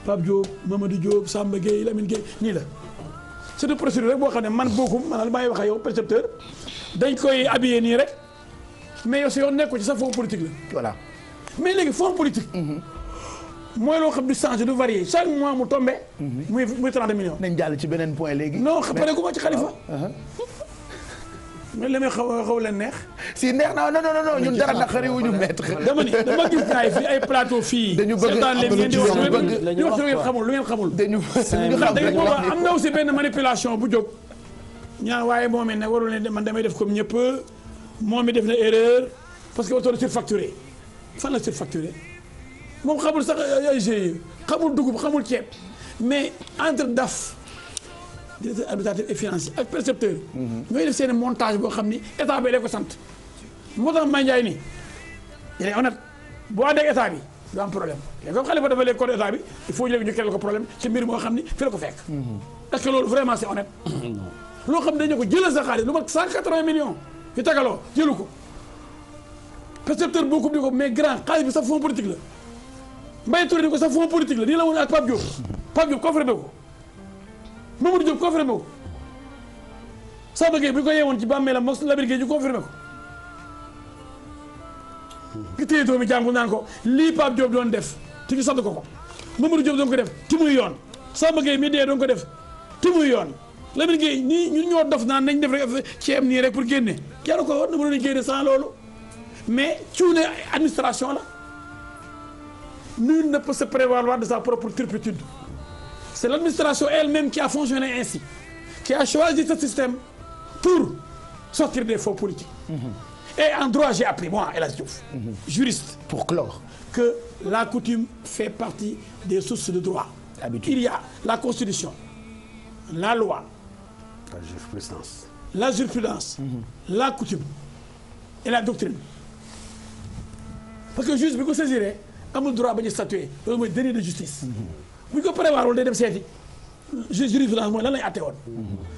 Pape Diop Mamadou Diop Samba Gueye Lamine Gueye ñii la. c' est une procédure rek boo xam ne man bokkum maanaam maay wax ak yow percepteur dañ koy habillé nii rek mais yow si yow nekku ci sa forme politique la. voilà mais léegi forme politique. Mm-hmm. mooy loo xam du changer du varier chaque mu tombé. Mhm. muy muy 30 millions. nañ jàll ci beneen point léegi. non pare gu ma ci xalifa. Ah, ah, ah. man li may xaw a xaw leen neex. si neex na non non non ñun dara wu ñu maître. dama ni dama gis gars yi fii ay plateau fii. dañu bëgg am lu ngeen di wax lu ngeen xamul lu ngeen xamul. dañu bëgg am na aussi benn manipulation bu jog ñaan waaye moom it nag warul ne man damay def comme ñëpp moom mi def na erreur parce que autorité facturé fan la surfacturé. moom xamul sax ay GIE xamul dugub xamul ceeb mais entre daf directeur administratif et financier ak percepteur. Mhm. ñooy def seen montage boo xam ni état bi ko sant. moo tax Mbaye Ndiaye nii yéen honnête boo àndee état bi du am problème léegi comme Khalifa dafa léegi code état bi il faut ko problème ci mbir moo xam ni fi la ko fekk. Mhm. est loolu vraiment c'est honnête. loo xam ne dañu ko jëlee sa xaalis lu mat 180 millions yu tagaloo jëlu ko percepteur boo ko di ko mais grand xaalis bi sax fonds la. Mbaye Touré ko sa fond politique la nii la woon ak Pape Diop Pape Diop confirmé ko Mamadou Diop confirmé ko Samba Gueye bu ñu ko yeewoon ci bàmmee bàmmeelam moom Lamine Gueye ñu confirmé ko ki téye doomi jàngu naan ko lii Pape Diop doon def ci ñu sant ko ko Mamadou Diop doon ko def ci muy yoon Samba Gueye mi dee doon ko def ci muy yoon Lamine Gueye nii ñun ñoo dof naan nañ def rek ceeb nii rek pour génne jaru ko woon na mënoon a génne san loolu mais cuune administration la nul ne peut se prévaloir de sa propre turpitude. C'est l'administration elle-même qui a fonctionné ainsi, qui a choisi ce système pour sortir des faux politiques. Mm -hmm. Et en droit, j'ai appris, moi, mhm. juriste, pour clore, que la coutume fait partie des sources de droit. Il y a la Constitution, la loi, la jurisprudence, la, jurisprudence mhm. la coutume et la doctrine. Parce que juste, vous saisirez, amul droit ba ñu statuer loolu mooy déni de justice bu ñu ko prévoir woon day dem seeti jurisprudence mooy lan lay àtte woon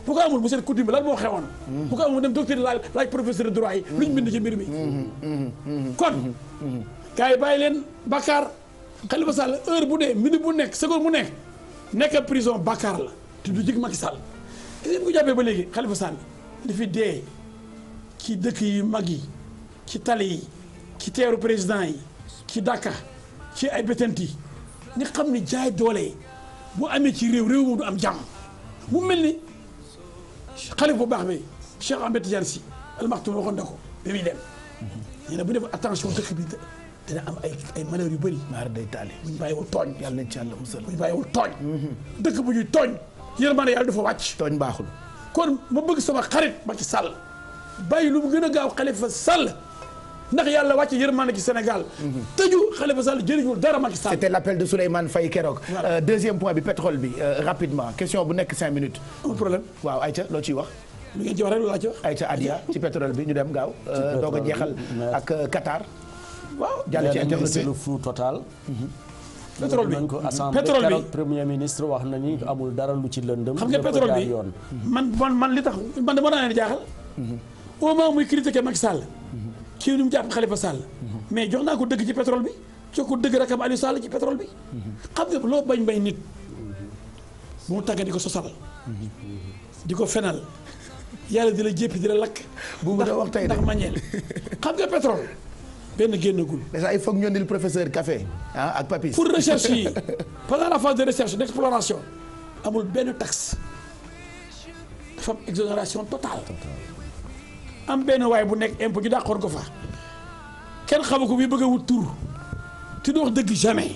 bu ko amul monsieur Coutume lan moo xewoon bu ko amul dem docteur laaj laaj professeur de droit yi lu ñu bind ci mbir mi kon gars yi bàyyi leen Bakar Khalifa Sall heure bu dee minute bu nekk seconde bu nekk nekk prison Bakar la te du jig Macky Sall gis bu ba léegi Khalifa Sall li fi ci dëkk yu mag yi ci tali yi ci teeru président yi ci Dakar ci ay bétanti ñi xam ne jaay doole bu amee ci réew réew moom du am jàmm mu mel ni xalif bu baax bi Cheikh Ahmed Tidiane Sy Al Maktoum waxoon na ko ba ñu mhm. ne bu def attention dëkk bi dina am ay ay malheur yu bëri. maar day taale bu ñu bàyyiwul tooñ. yàlla nañ ci yàlla musal bu ñu bàyyiwul tooñ. Mhm. dëkk bu ñuy tooñ. yërmande yàlla dafa wàcc. tooñ baaxul. kon ma bëgg sama xarit Macky Sall bàyyi lu mu gën a gaaw Khalifa Sall. ndax yàlla wàcc yërmande ci Sénégal. tëju Khalifa Sall jëriñul dara Macky Sall. c'était l'appel de Souleymane Faye Keroog. Euh, deuxième point bi pétrole bi euh, rapidement question bu nekk cinq minutes. amul problème waaw Aïcha loo ciy wax. lu ngeen ci wax rek loo ci wax. Aïcha Adia ci pétrole bi ñu dem gaaw. Euh, doog a jeexal ak euh, Qatar. waaw jàll ci intervention le flou total. Mhm. pétrole bi pétrole bi premier ministre wax nañu amul dara lu ci lëndëm. xam nga pétrole bi man man man li tax man dama daan leen jaaxal. Mhm. au moment muy critiquer Sall. kii nu mu jàpp Khalifa Sall. mais jox naa ko dëgg ci pétrole bi jox ko dëgg rakam Aliou Sall ci pétrole bi. xam nga loo bañ bañ nit. bu mu tàggat di ko sosal. di ko fenal yàlla di la jéppi di la lakk. bu mu doon wax tey ndax mañeel xam nga pétrole. benn génnagul. déjà il faut que ñu indil professeur Café ah ak Papis. pour recherche yi pendant la phase de recherche d'exploration amul benn taxe dafa am exonération am benn waay bu nekk impôt ñu dàqoon ko fa kenn xamu ko bi bëgg a wut tur te du wax dëgg jamais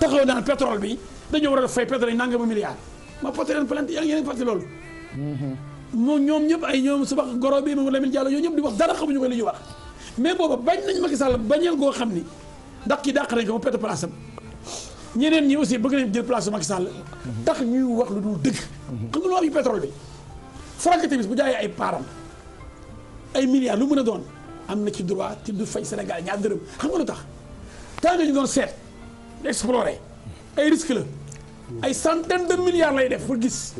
taxaw naan pétrole bi dañoo war a fay pétrole yi ma milliard ma porté leen plainte yéen a porté loolu. moom ñoom ñëpp ay ñoom suba goro bi moom Lamine Diallo ñoom ñëpp di wax dara xamuñu ko li ñuy wax mais booba bañ nañ Macky Sall bañeel goo xam ni ndax ki dàq nañ ko ba perte place ñeneen ñi aussi bëgg nañ jël place su Macky Sall tax ñuy wax lu dul dëgg. xam nga lu am pétrole bi. Frank Timis bu jaayee ay paaram. ay milliards lu mën a doon am na ci droit te du fay Sénégal ñaar dërëm xam nga lu tax tant que ñu doon seet explorer ay risque la ay centaine de milliards lay def pour gis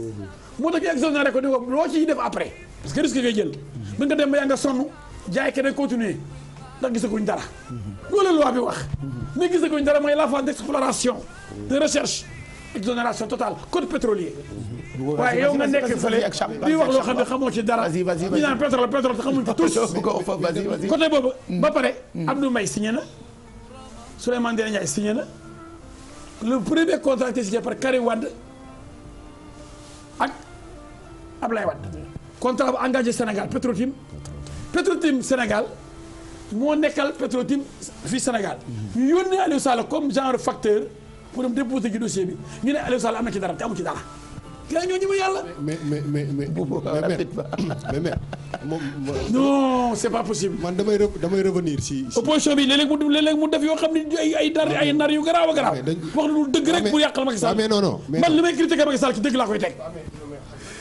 moo tax exonéré ko ni ko loo ciy def après parce que risque ngay jël ba nga dem ma yaa nga sonn jaay keneen continuer ndax gisaguñ dara loolu wax bi wax mais gisaguñ dara mooy la phase d' exploration de recherche exonération totale code pétrolier waaye yow nga nekk fële di wax loo xam ne xamoo ci dara ñu naan pétrole pétrole te xamuñ ci tous ba mm. pare mm. Abdou Mbaye signé na Souleymane Ndéné Ndiaye par Karim Wade ak Ablaye Wade contrat bu engagé Sénégal Petrotim Petrotim Sénégal moo nekkal Petrotim fii Sénégal mm-hmm. ñu yónnee Aliou Sall comme genre facteur pour dem déposer ci dossier bi ñu ne Aliou Sall am na ci dara te amu ci dara gars ñoo ñeme yàlla. mais mais mais mais mais mais moom. non c'est pas possible. man damay damay revenir si. opposition bi léeg-léeg mu léeg-léeg mu def yoo xam ne ay ay dar ay nar yu garaaw a garaaw. wax lu dëgg rek pour yàqal Macky Sall. mais non non man li may critiquer Macky Sall ci dëgg laa koy teg.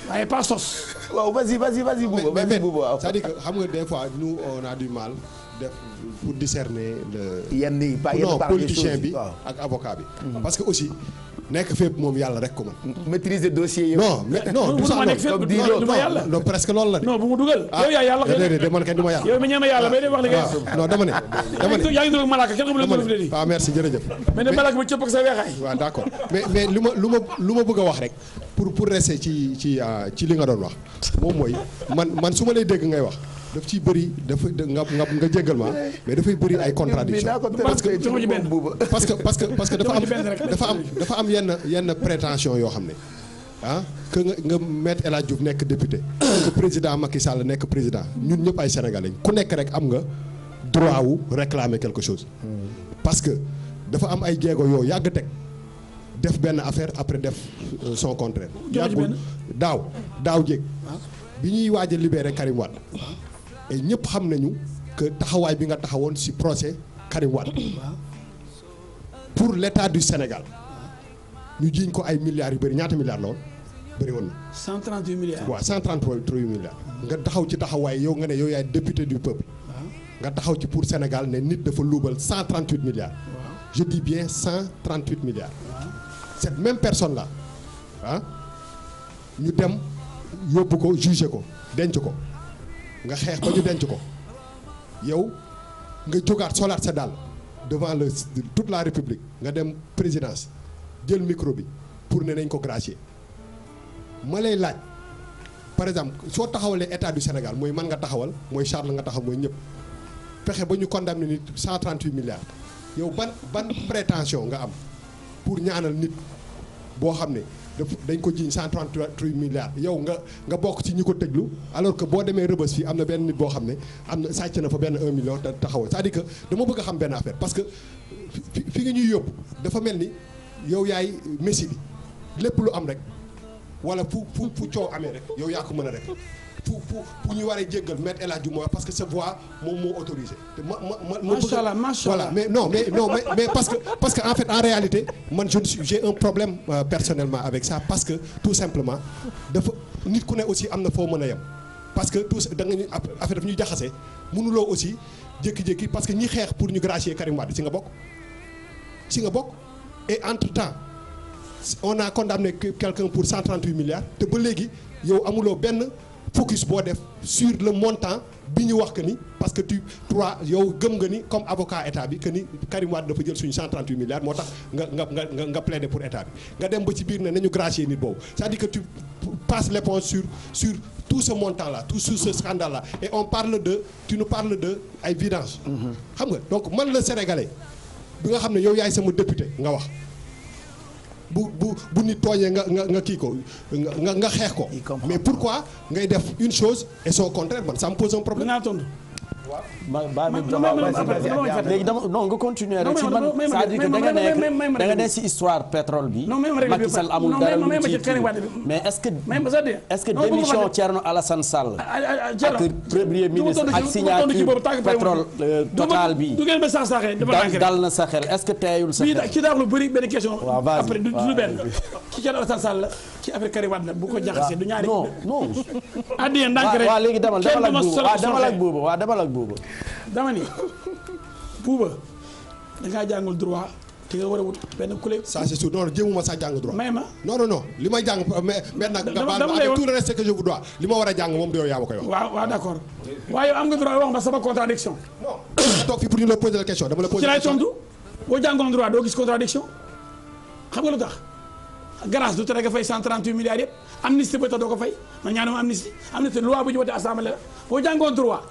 waaye pas sos. waaw vas-y vas-y vas-y Bouba vas-y Bouba c'est-à-dire que xam nga des fois nous on a du mal def pour discerner le. yenn yi pas yenn par non politicien bi ak avocat bi. Mm-hmm. parce que aussi nekk fépp moom yàlla rek ko mën. maîtriser dossier yi. non non du sax loolu non non non presque loolu la de. non bu mu dugal. Ah, yow yaa yàlla xëy na man kay du ma yàlla. yow mi ñeme yàlla bay de wax li ngay. Ah, non dama ne. dama ne yaa ngi dugg malaaka kenn xamul lu ah, mais ne malaaka bi cëpp ak sa weexaay. waaw d' mais mais lu ma lu ma lu ma bëgg a wax rek pour pour rester ci ci euh, ci li nga doon wax moom mooy man man su ma lay dégg ngay wax. daf ciy bëri dafa nga nga nga jégal ma mais dafay bëri ay contradiction parce que parce que parce que parce que dafa am dafa am yenn yenn prétention yoo xam ne ah nga nga maître El Hadj Diouf nekk député président Macky Sall nekk président ñun ñëpp ay sénégalais ku nekk rek am nga droit wu réclamer quelque chose parce que dafa am ay jéego yoo yàgg teg def benn affaire après def euh, son contraire yàggul daaw daaw jéeg ah. bi ñuy waaj a libérer Karim Wade et ñëpp xam nañu que taxawaay bi nga taxawoon ci procès Karim Wade pour l'état du Sénégal ñu jiiñ ko ay milliards yu bëri ñaata milliards la woon bëri woon na. waa milliards waaw 133 milliards. nga taxaw ci taxawaay yow nga ne yow yaay député du peuple. nga taxaw ci pour Sénégal ne nit dafa luubal 138 milliards. je dis bien 138 milliards. cette même personne la ah ñu dem yóbbu ko jugé ko denc ko. nga xeex ba ñu denc ko yow nga jógaat solaat sa dàll devant le toute la république nga dem présidence jël micro bi pour ne nañ ko gracier ma lay laaj par exemple soo taxawalee état du Sénégal mooy man nga taxawal mooy Charles nga taxaw mooy ñëpp fexe ba ñu condamné nit 138 milliards yow ban ban prétention nga am pour ñaanal nit boo xam ne dañ ko jiñ 133 milliards yow nga nga bokk ci ñi ko tëjlu alors que boo demee rëbës fii am na benn nit boo xam ne am na sàcc na fa benn 1 million te taxawal cest dama bëgg xam benn affaire parce que fi nga ñuy yóbbu dafa mel ni yow yaay messi lépp lu am rek wala fu fu fu coow amee rek yow yaa ko mën a rek pour pour pour ñu war a jéggal maître El Hadj Diouf parce que sa voix moom moo autorisé. te ma ma ma macha allah macha allah voilà mais non mais non mais, mais parce que parce que en fait en réalité man je suis j'ai un problème euh, personnellement avec ça parce que tout simplement dafa nit ku ne aussi am na foo mën a yem. parce que tout da nga ñu affaire daf ñuy jaxase mënuloo aussi jékki-jékki parce que ñi xeex pour ñu gracier Karim Wade si nga bokk si nga bokk et entre temps on a condamné quelqu'un pour 138 milliards te ba léegi yow amuloo benn. focus boo def sur le montant bi ñu wax que ni parce que tu trois yow gëm nga ni comme avocat état bi que ni Karim Wade dafa jël suñu 138 milliards moo tax nga nga nga nga plaider pour état bi nga dem ba ci biir ne nañu gracier nit boobu c'est-à-dire que tu passes sur sur tout ce montant là tout sur ce scandale là et on parle de tu nous de ay vidange mm-hmm. xam nga donc man la sénégalais bi nga xam ne yow yaay sama député nga wax bu bu bu nit tooñee nga nga nga kii ko nga nga xeex ko mais pourquoi ngay def une chose et son contraire man ça me pose un problème léegi dama non nga continuer rek que da nga nekk da lu ci mais est-ce que est-ce que démission Thierno na sa xel que teeyul sa xel ci lu bëri benn question après du benn ci Thierno Alassane Sall ci affaire Karim Wade la bu ko jaxasee du ñaari. Ah, non non. addiya ndànk rek waaw léegi demal ah, demal ak buuba waaw demal ak buuba waaw demal ak buuba. dama ni buuba da ngaa jàngul droit. ki nga war a wut benn collègue. ça c'est sûr non non jéemuma sax jàng droit. may ma non non non li may jàng mais mais nag. nga baal ma avec tout le reste que je vous dois li ma war a jàng moom du yow yaa ma koy wax. waaw waaw d'accord waaye yow am nga droit wax ma sama contradiction. non toog fii pour ñu la poser la question dama la poser. ci laay tontu boo jàngoon droit doo gis contradiction xam nga lu tax. grâce du tere nga fay 138 milliards yëpp amnistie ba tax doo ko fay man ñaanuma amnistie amnistie loi bu ñu wote assemblée boo jàngoon droit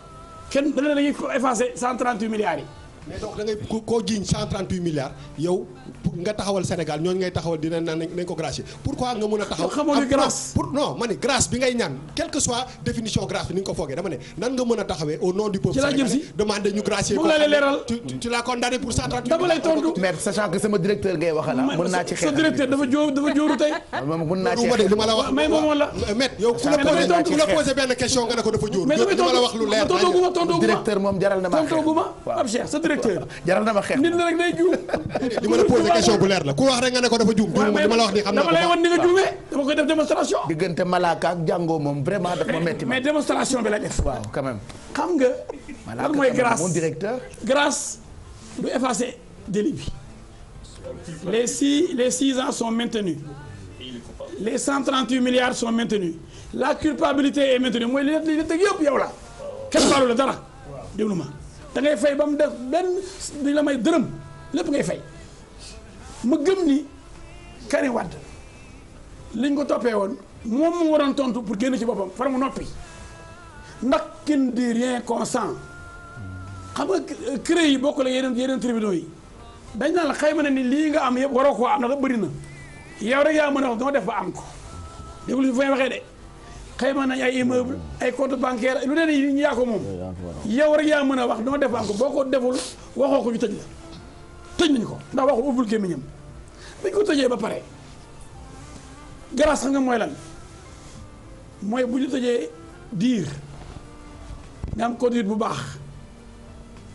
kenn dana la ñuy effacé 138 milliards yi mais donc da ngay koo jiiñ 138 milliards yow nga taxawal Sénégal ñooñu ngay taxawal dina naan nañ ko gracier pourquoi nga mun a taxaw xamoo ne ah, grâce pour non ma ne grâce bi ngay ñaan quelle que soit définition grâce bi ni nga ko foogee dama ne nan nga mën a taxawee au nom du peuple sénégalais demandé ñu gracier ko tu l'as condamné pour 138 dama lay tontu mais sachant que sama directeur ngay waxal ah, mën naa ci xeex sa directeur dafa jóoru dafa jóoru tey ah, mën naa ci xeex li ma la wax mais moom la met yow ku la posé ku la posé benn question nga ne ko dafa jóoru ma la wax lu leer directeur moom jaral na ma tontu guma ab cheikh sa directeur directeur jaral na nit la rek day juum li ma la posé question bu leer la ku wax rek nga ne ko dafa juum juuma li ma la wax ni xam naa dama lay wan ni nga juumee dama koy def démonstration diggante malaaka jàngoo moom ma metti mais démonstration bi la def waaw quand nga lan mooy grâce mon directeur grâce du effacer délit bi les six les six ans sont maintenus les 138 milliards son maintenus la culpabilité est maintenue mooy li li dëgg yëpp yow la kenn baalu la dara déglu da ngay fay ba mu def benn di la may dërëm lépp ngay fay ma gëm ni Karim Wade liñ ko toppee woon moom mu waroon tontu pour génn ci boppam far mu noppi ndax kin di rien constant xam nga CREI yi bokk la yeneen yeneen tribunaux yi dañ naan la xayma ne ni lii nga am yëpp waroo koo am na da bëri na yow rek yaa mën a wax dama def ba am ko déglu fi may waxee de xayma nañ ay immeuble ay compte bancaire lu ne ni ñu yaa ko moom yow rek yaa mën a wax noo def banque boo ko deful waxoo ko ñu tëj la tëj nañu ko ndax waxul ubbul gémmiñam bi ñu ko tëjee ba pare grâce xam nga mooy lan mooy bu ñu tëjee diir nga am conduite bu baax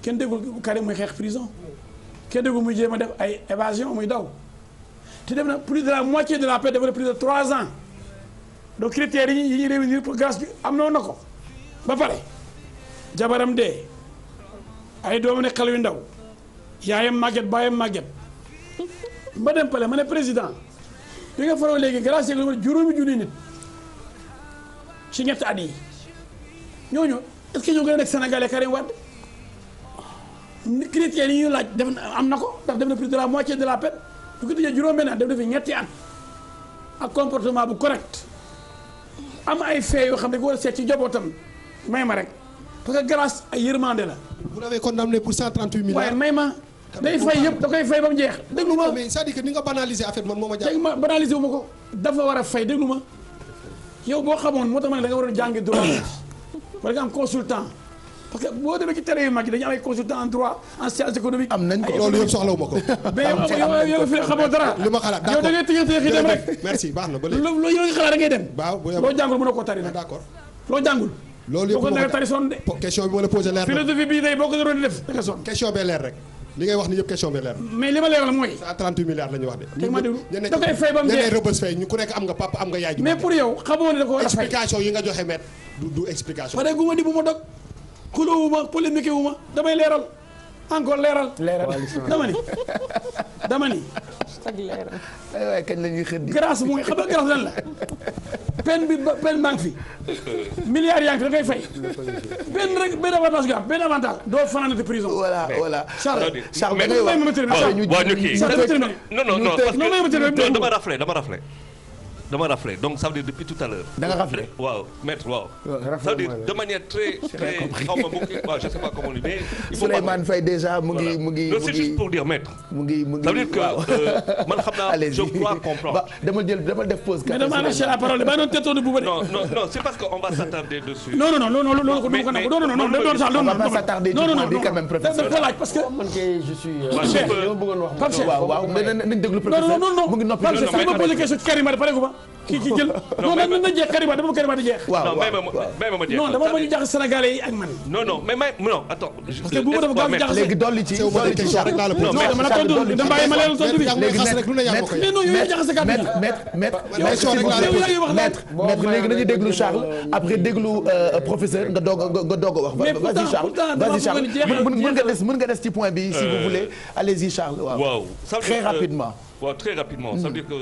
kenn déggul Karim muy xeex prison kenn déggul muy jéem a def ay évasion muy daw te def na plus de la moitié de la peine dafa plus de trois ans donc critères yi yi ñuy réunir pour grâce bi am noonu na ko ba pare jabaram dee ay doomu ne xale yu ndaw yaayam màgget baayam màgget ba dem pale ma ne président bi nga faroo léegi grâce yeeg lu juróomi junni nit ci ñetti at yi ñooñu est-ce que gën a nekk sénégalais Karim Wade critères yi ñu laaj def am na ko ndax def na plus de la moitié de la peine bu ko tëjee juróom benn at def ñetti at ak comportement bu correct am ay fee yoo xam ne ko war a seet ci njabootam may ma rek parce que grâce ay yërmande la. vous l'avez condamné pour 138 milliards. waaye may ma day fay yëpp da koy fay ba mu jeex. déglu ma mais c'est-à-dire que ni nga banaliser affaire man moo ma. jaaxal ma banaliser ko. dafa war a fay déglu ma yow boo xamoon moo tax ma ne da nga war a jàngi droit wala nga am consultant. parce que boo demee ci tere yu mag yi dañu am ay en droit en sciences économiques. am nañ ko loolu yëpp soxlawu ko. mais yow yow xamoo dara. li ma xalaat d'accord yow da ngay dem rek. merci baax na ba léegi loo yow xalaat da dem. question bi ma la posé leer philosophie bii day boo ko def da nga sonn. question bee leer rek. li ngay wax ni yëpp question bi leer mais li ma leeral mooy. 38 milliards la wax de. ñu ma ni bu xuloowuma polémique wu ma damay leeral encore leeral. leeral dama ni dama ni. aywa kañ la ñuy xëndi. grâce mooy xam nga la peine bi peine baa ngi fi milliards yaa ngi fi fay benn rek benn avantage nga am benn avantage. doo fanaanate prison. voilà voilà Charles Charles da ngay non non non dama raflé dama raflé. dama raflé donc ça veut dire depuis tout à l'heure da nga raflé waaw maître waaw. ça veut dire de manière très très xaw ma waaw je sais pas comment on dit mais. il faut Souleymane Faye déjà mu ngi mu ngi. c'est juste pour dire maître. mu ngi mu ngi ça veut dire que man xam naa je crois comprendre. dama jël dama def pause. mais dama lâché la parole ba doon tetoonu bu bëri. non non non c'est parce que on va s'attarder dessus. non non non non loolu ko ko nangu non non non loolu sax loolu. on va s'attarder du point de quand même professeur. dafa laaj parce que. man kay je suis. Pape Cheikh waaw waaw nañ déglu professeur. mu ngi noppi kii ci jël. non non na jeex Kariba dama Kariba di jeex. waaw waaw non ma non dama bañ a jaxase sénégalais yi ak man. non non mais may non attends. parce que bu ma dafa gaaw jaxase léegi dolli ci dolli ci Charles. non mais dama la tontu dama bàyyi ma leen tontu bi. léegi mais non yooyu jaxase kàddu gi. maître maître maître léegi nañu déglu Charles après déglu euh, professeur nga doog nga doog a wax. mais pourtant pourtant dama bëggoon jeexal vas-y Charles mën nga des mën nga des ci point bi si vous euh, voulez allez-y Charles waaw. très euh, rapidement waaw très rapidement ça veut dire que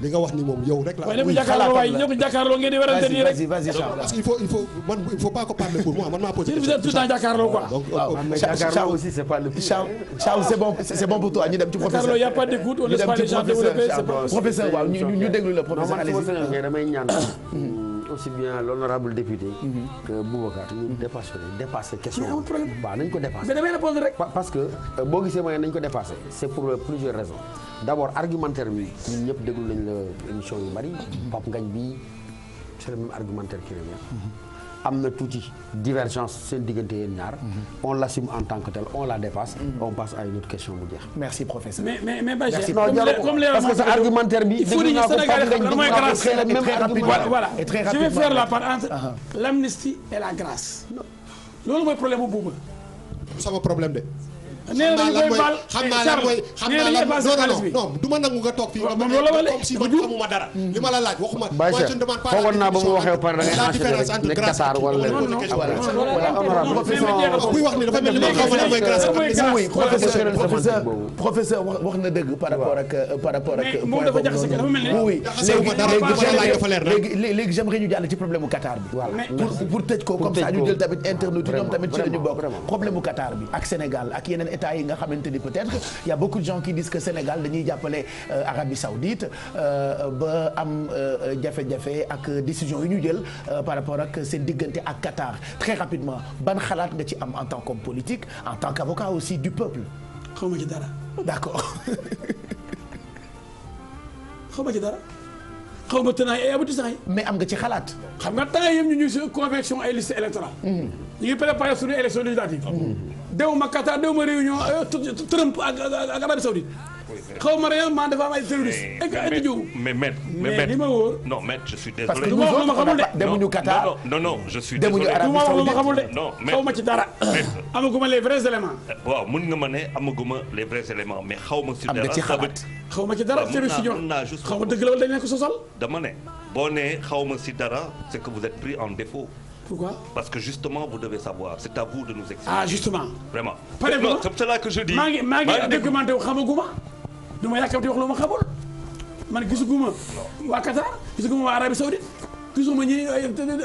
li nga wax ni moom yow rek la. waaye lépp waaye ñëpp ngeen di werante nii rek. parce il faut il faut man il faut pas ko parler pour moi man maa posé. vous êtes tout le temps jàkkaarloo quoi. donc Chao aussi c'est pas le. Chao Chao c'est bon c'est bon pour toi ñu dem ci professeur. jàkkaarloo y a pas d'écoute on laisse pas les gens développer. professeur waaw ñu ñu déglu la professeur allez-y damay ñaan mm. aussi bien l'honorable député. Mhm. que Boubacar ñu dépassé dépassé question. waaw nañ ko dépassé. mais damay répondre rek. parce que euh, boo gisee mooy nañ ko dépassé. c'est pour euh, plusieurs raisons d'abord argumentaire bi ñun ñëpp déglu nañ la émission yu bari. Pape Ngagne bi c'est le argumentaire que am na tuuti divergence seen diggante yéen ñaar. Mhm. on l'assume en tant que on la dépasse. Mhm. on passe à une autre question mu jeex. mais mais mais Bachir. merci non parce que sa argumentaire bi. il faut que Sénégalais xam lan mooy grâce même argument voilà la part entre uh-huh. l'amnistie et la grâce. loolu mooy problème bu buuba. sama problème de. nee na dañu eh, koy baal xam naa lan mooy xam naa lan mooy non non du ma nangu nga toog fii moom loolu ma comme si man xamuma dara hmm. li ma la laaj waxuma moi je ne demande pas foogoon naa ba mu waxee par da ngay la différence entre grâce wala honorable buy wax ni dafa mel ni ma xamuma lan mooy grâce oui professeur professeur wax na dëgg par rapport ak euh, par rapport ak moom dafa jaxase dafa mel ni oui léegi léegi j'aimerais ñu jàll ci problème u Qatar bi pour tëj ko comme ça ñu jël tamit internet ñoom tamit ci lañu bokk problème u Qatar bi ak Sénégal ak yeneen états yi nga xamante ni peut-être y a beaucoup de gens qui disent que Sénégal dañuy jàppale euh, Arabie Saoudite euh, ba am euh, jafe-jafe ak décision yu ñu jël par rapport ak seen diggante ak Qatar très rapidement ban xalaat nga ci am en tant qu'homme politique en tant qu'avocat aussi du peuple. xaw ci dara. d'accord. xaw ci dara. xaw ma tënaay ay aboutissants mais am nga ci xalaat. xam nga temps yii ñu ngi si convention ay liste électorale. Mm-hmm. ñu ngi préparé suñu élection législative. Mm-hmm. dewuma Qatar dewuma réunion euh, Trump ak ak Arabie Saoudite xaw ma réew maa dafa am ay terroriste. mais mais mais mais li ma wóor. non mais je suis désolé. parce que nous autres on a demuñu Qatar. non non je suis désolé demuñu Arabie Saoudite xamul de. non mais xaw ma ci dara. amaguma les vrais éléments. Euh, waaw mun nga ma ne amaguma les vrais éléments mais xaw ma ci dara. am nga ci xalaat xaw ma ci dara terroriste yi ñoom xaw ma dëgg la wala dañ leen ko sosal. dama ne boo nee xaw ma ci dara c'est que vous êtes pris en défaut. Pourquoi Parce que justement, vous devez savoir. C'est à Ah, justement. Pare non, maa ngi maa ngi documenté wu xamaguma. du ma yàkkamti wax lu ma xamul. man gisuguma waa Qatar gisuguma waa Arabie Saoudite gisuguma ñi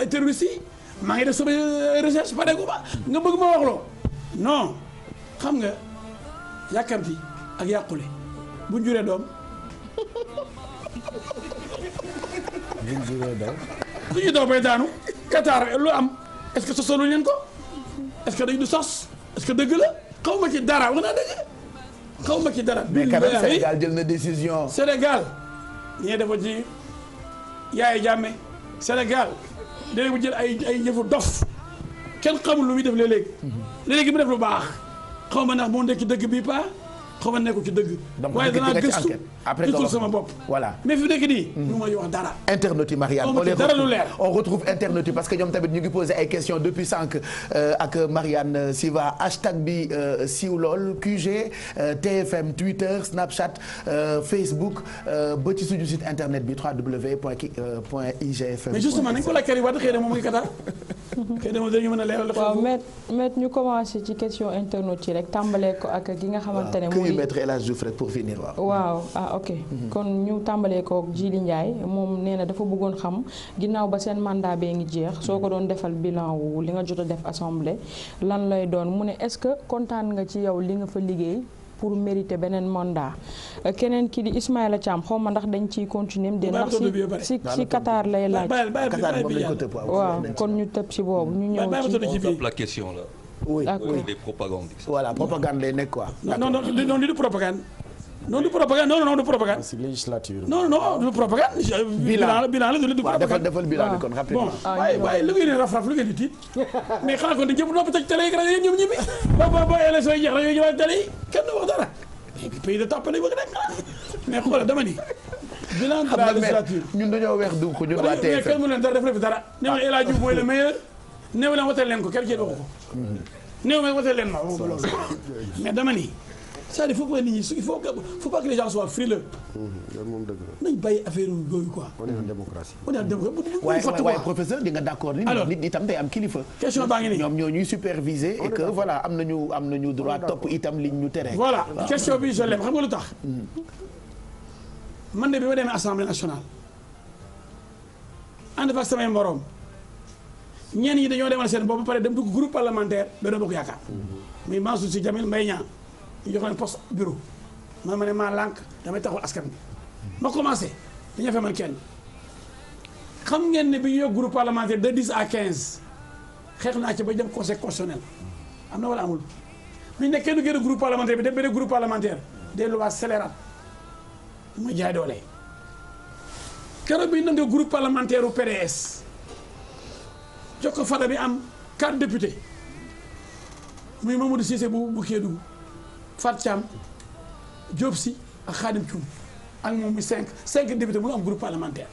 terroriste maa ngi def sama euh, recherche pareguma nga bëgg ma wax loo non xam nga yàkkamti ak yàqule buñ juree doom buñ juree doom bay daanu Qatar lu am est-ce que sosalu leen ko est-ce que dañ du sos est-ce que dëgg la xaw ma ci dara wax naa dëgg xaw ma ci dara. bi quand même jël na décision. Sénégal ñee dafa ci yaay jàmme Sénégal léegi mu jël ay ay jëfu dof kenn xamul lu muy def léeg-léeg mhm. léegi mu def lu baax xaw ma ndax moo nekk dëgg bi paa. xaw ma nekkul ci dëgg. donc waaye danaa gëstu gisul sama bopp. voilà mais fi mu nekk nii. ñu hmm. may dara. internautes Marianne on retrouve on parce que ñoom tamit ñu gi posé ay questions depuis sànq euh, ak Marianne euh, Siva hashtag bi euh, siiw lool QG TFM Twitter Snapchat Facebook ba ci suñu site internet bi www.igfm. mais justement nañu ko la kër yi xëy na moom dinañu mën waaw maître maître ñu commencé ci question internet yi rek tàmbalee ko ak ki nga xamante ne. mooy maître El Hadj pour finir waaw. waaw ah, ok. Mhm. kon ñu tàmbalee ko ak Djily Ndiaye moom nee na dafa bëggoon xam ginnaaw ba seen mandat bee ngi jeex soo ko mhm. doon defal bilan wu li nga jot a def assemblée lan lay doon mu ne est-ce que kontaan nga ci yow li nga fa liggéey. pour mériter beneen mandat keneen ki di Ismaïla Thiam xaw ma ndax dañ ciy continuer de ndax si si Qatar lay laaj waaw kon ñu tëb si boobu ñu ñëw ci la question là oui, oui. des propagandes propagande lay nekk quoi non non du propagande non du propagande non non du propagande. si législature non non du propagande. bilan bilan la du du propagande. waaw defal bilan bi kon rapidement. ah waaye waaye lu ngeen di raf raf lu ngeen di tiit mais xanaa kon ñëpp noppi teg télé yi rajo yi ñoom ñibbi ba ba ba élection yi jeex rajo yi ñëwaat télé yi kenn du wax dara pays de tàppale bëgg rek mais xoolal dama ni. bilan de la législature ñun dañoo weex dugg ko ñun waa TFM mais kenn mu leen dara def na fi dara. Ah. ne ma El Hadj Diouf mooy le meilleur néew leen wotal leen ko kenn ci waxu ko. Mm-hmm. néew ma wotal leen ma mais dama ni c'est-à-dire il faut que nit ñi il faut que faut pas que les gens soient frileux. Mmh, loolu moom dëgg la. nañ bàyyi affaire yooyu quoi. on est en démocratie. on est en démocratie bu bu waaye professeur di nga d'accord ni. alors nit itam day am kilifa. question baa ngi nii ñoom ñoo ñuy superviser. et que voilà am nañu am nañu droit topp itam liñ ñu tere. voilà question bi je l'aime xam nga lu tax. Mmh. man de bi ma demee assemblée nationale. ànd fa samay moroom. ñenn ñi dañoo demal seen bopp ba pare dem dugg groupe parlementaire Benno Bokk Yaakaar. Mmh. muy Mansour Sy Djamil Mbaye Niang. ñu jox leen poste bureau man ma ne maa lànk damay taxul askan bi ma commencé dañoo fa man kenn xam ngeen ne bi ñu yokk groupe parlementaire de 10 à quinze xeex na ci ba jëm conseil constitutionnel am na wala amul bi ñu ne kenn gën a groupe parlementaire bi de beneen groupe parlementaire des lois scélérates muy jaay doole keroog bi ñu nangoo groupe parlementaire PDS jox ko fada bi am 4 députés muy Mamadou Cissé bu bu Kédougou Fat Thiam Diop si ak Khadim Thioum ak moom muy cinq cinq députés mënu am groupe parlementaire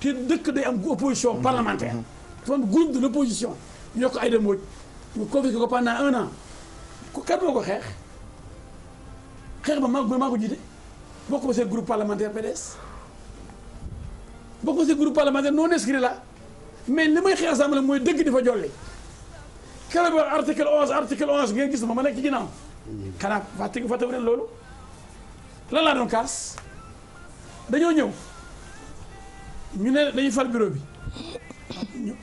te dëkk day am opposition parlementaire dafa am groupe de l'opposition ñoo ko ay dem wëj ñu confisqué ko pendant un an ku kat moo ko xeex xeex ba maa ko jiite bokk ma seen groupe parlementaire PDS bokk ma seen groupe parlementaire non inscrit la mais li may xeex assemblée mooy dëgg di fa jolli keroog article onze article onze ngeen gis ma ma nekk ci ginnaaw xanaa fàtte fàttewu leen loolu lan laa doon kaas dañoo ñëw ñu ne dañuy fal bureau bi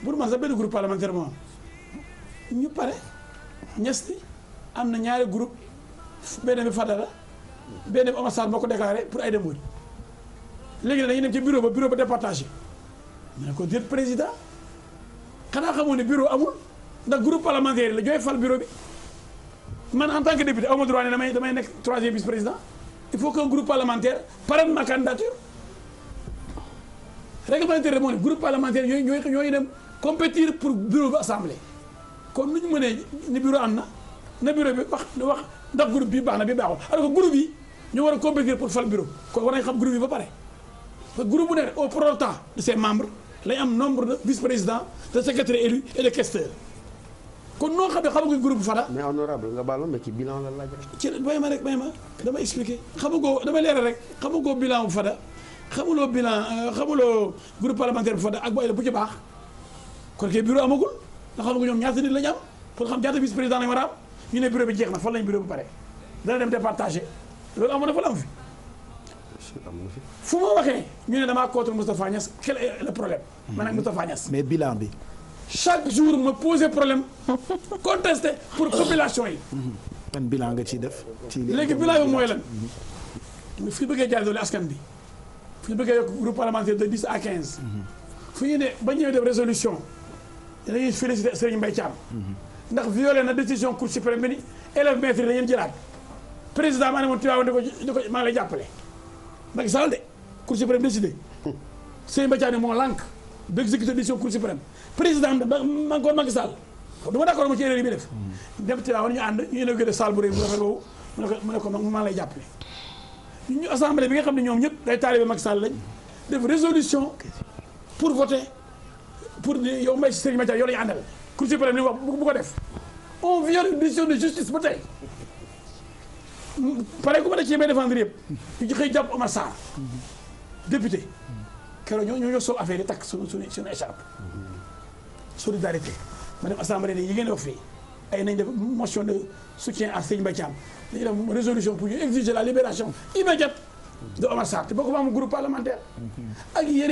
pour man sax benn groupe parlementaire moo am ñu pare ñes ni am na ñaari groupe benn bi Fadala benn bi Omar Sall moo ko déclaré pour ay demboori léegi nag dañuy dem ci bureau ba bureau ba départagé mu ne ko déet président xanaa xamoo ne bureau amul ndax groupe parlementaire yi la jooy fal bureau bi man en tant que député aw ma droit ne damay damay nekk troisième vice président il faut qu'un groupe parlementaire parraine ma candidature règlement intérieur moo ne groupe parlementaire yooyu ñooy ñooy dem compétir pour bureau bi assemblée kon nu ñu mënee ni bureau am na na bureau bi wax wax ndax groupe bi baax na bi baaxul alors que groupe yi ñu war a compétir pour fal bureau kon war nañ xam groupe yi ba pare parce que groupe bu ne au prorata de ses membres lay am nombre de vice président de secrétaire élu et de questeurs kon noo xam ne xamaguñ groupe Fada. mais honorable nga baal ma mais ci bilan la laaj rek. ci ma rek bay ma dama expliqué dama leeral rek xamagoo bilan bu Fada xamuloo bilan euh, xamuloo groupe parlementaire bu Fada ak bu la bu ci baax kon kay bureau amagul ndax xamagu ñoom ñaata la ñu am xam ñaata vice président bi jeex na fan lañ bureau bi pare dana dem départagé loolu amoon na fi. fu ma waxee ñu ne damaa contre Moustapha Niass quel est le problème. man ak Moustapha mais bilan bi. chaque jour ma poser problème contester pour population yi. ban bilan nga ciy def. léegi bilan yi mooy lan. fi ñu bëggee jaay doole askan bi fi ñu bëggee yokk groupe parlementaire de dix à quinze. fu ñu ne ba ñëwee def résolution dañuy féliciter Serigne Mbaye Thiam. ndax violé na décision cour suprême bi ni élèves maîtres yi dañuy jëlaat président ma ne ma tuutiwaawoon maa lay jàppale. Macky Sall de cour suprême décidé Serigne Mbaye Thiam ne moo lànk ba exécuté décision président de man kon Macky Sall du ma d'accord ma ci erreur yi bi def mm. dem ci waaw ñu ànd ñu inauguré salle bu rëy bu rafet boobu mu ne ko mu ne ko man lay jàppale ñu assemblée bi nga xam ne ñoom ñëpp day taalibe Macky Sall lañ def résolution pour voter pour yow Mbaye Serigne Mathia yow la ñu àndal Cour suprême li mu wax bu ko def on viole une décision de justice ba tey pare ku ma def ci may défendre yëpp ñu xëy jàpp Omar Sarr député mm. keroog ñoo ñoo ñoo sol affaire yi takk solidarité ma dem assemblée ne yi ngeen wax fii ay nañ def motion de soutien à Serigne Mbaye Thiam dañuy def résolution pour ñu la libération immédiate de Omar Sarr te boo ko ma am groupe parlementaire ak yeneen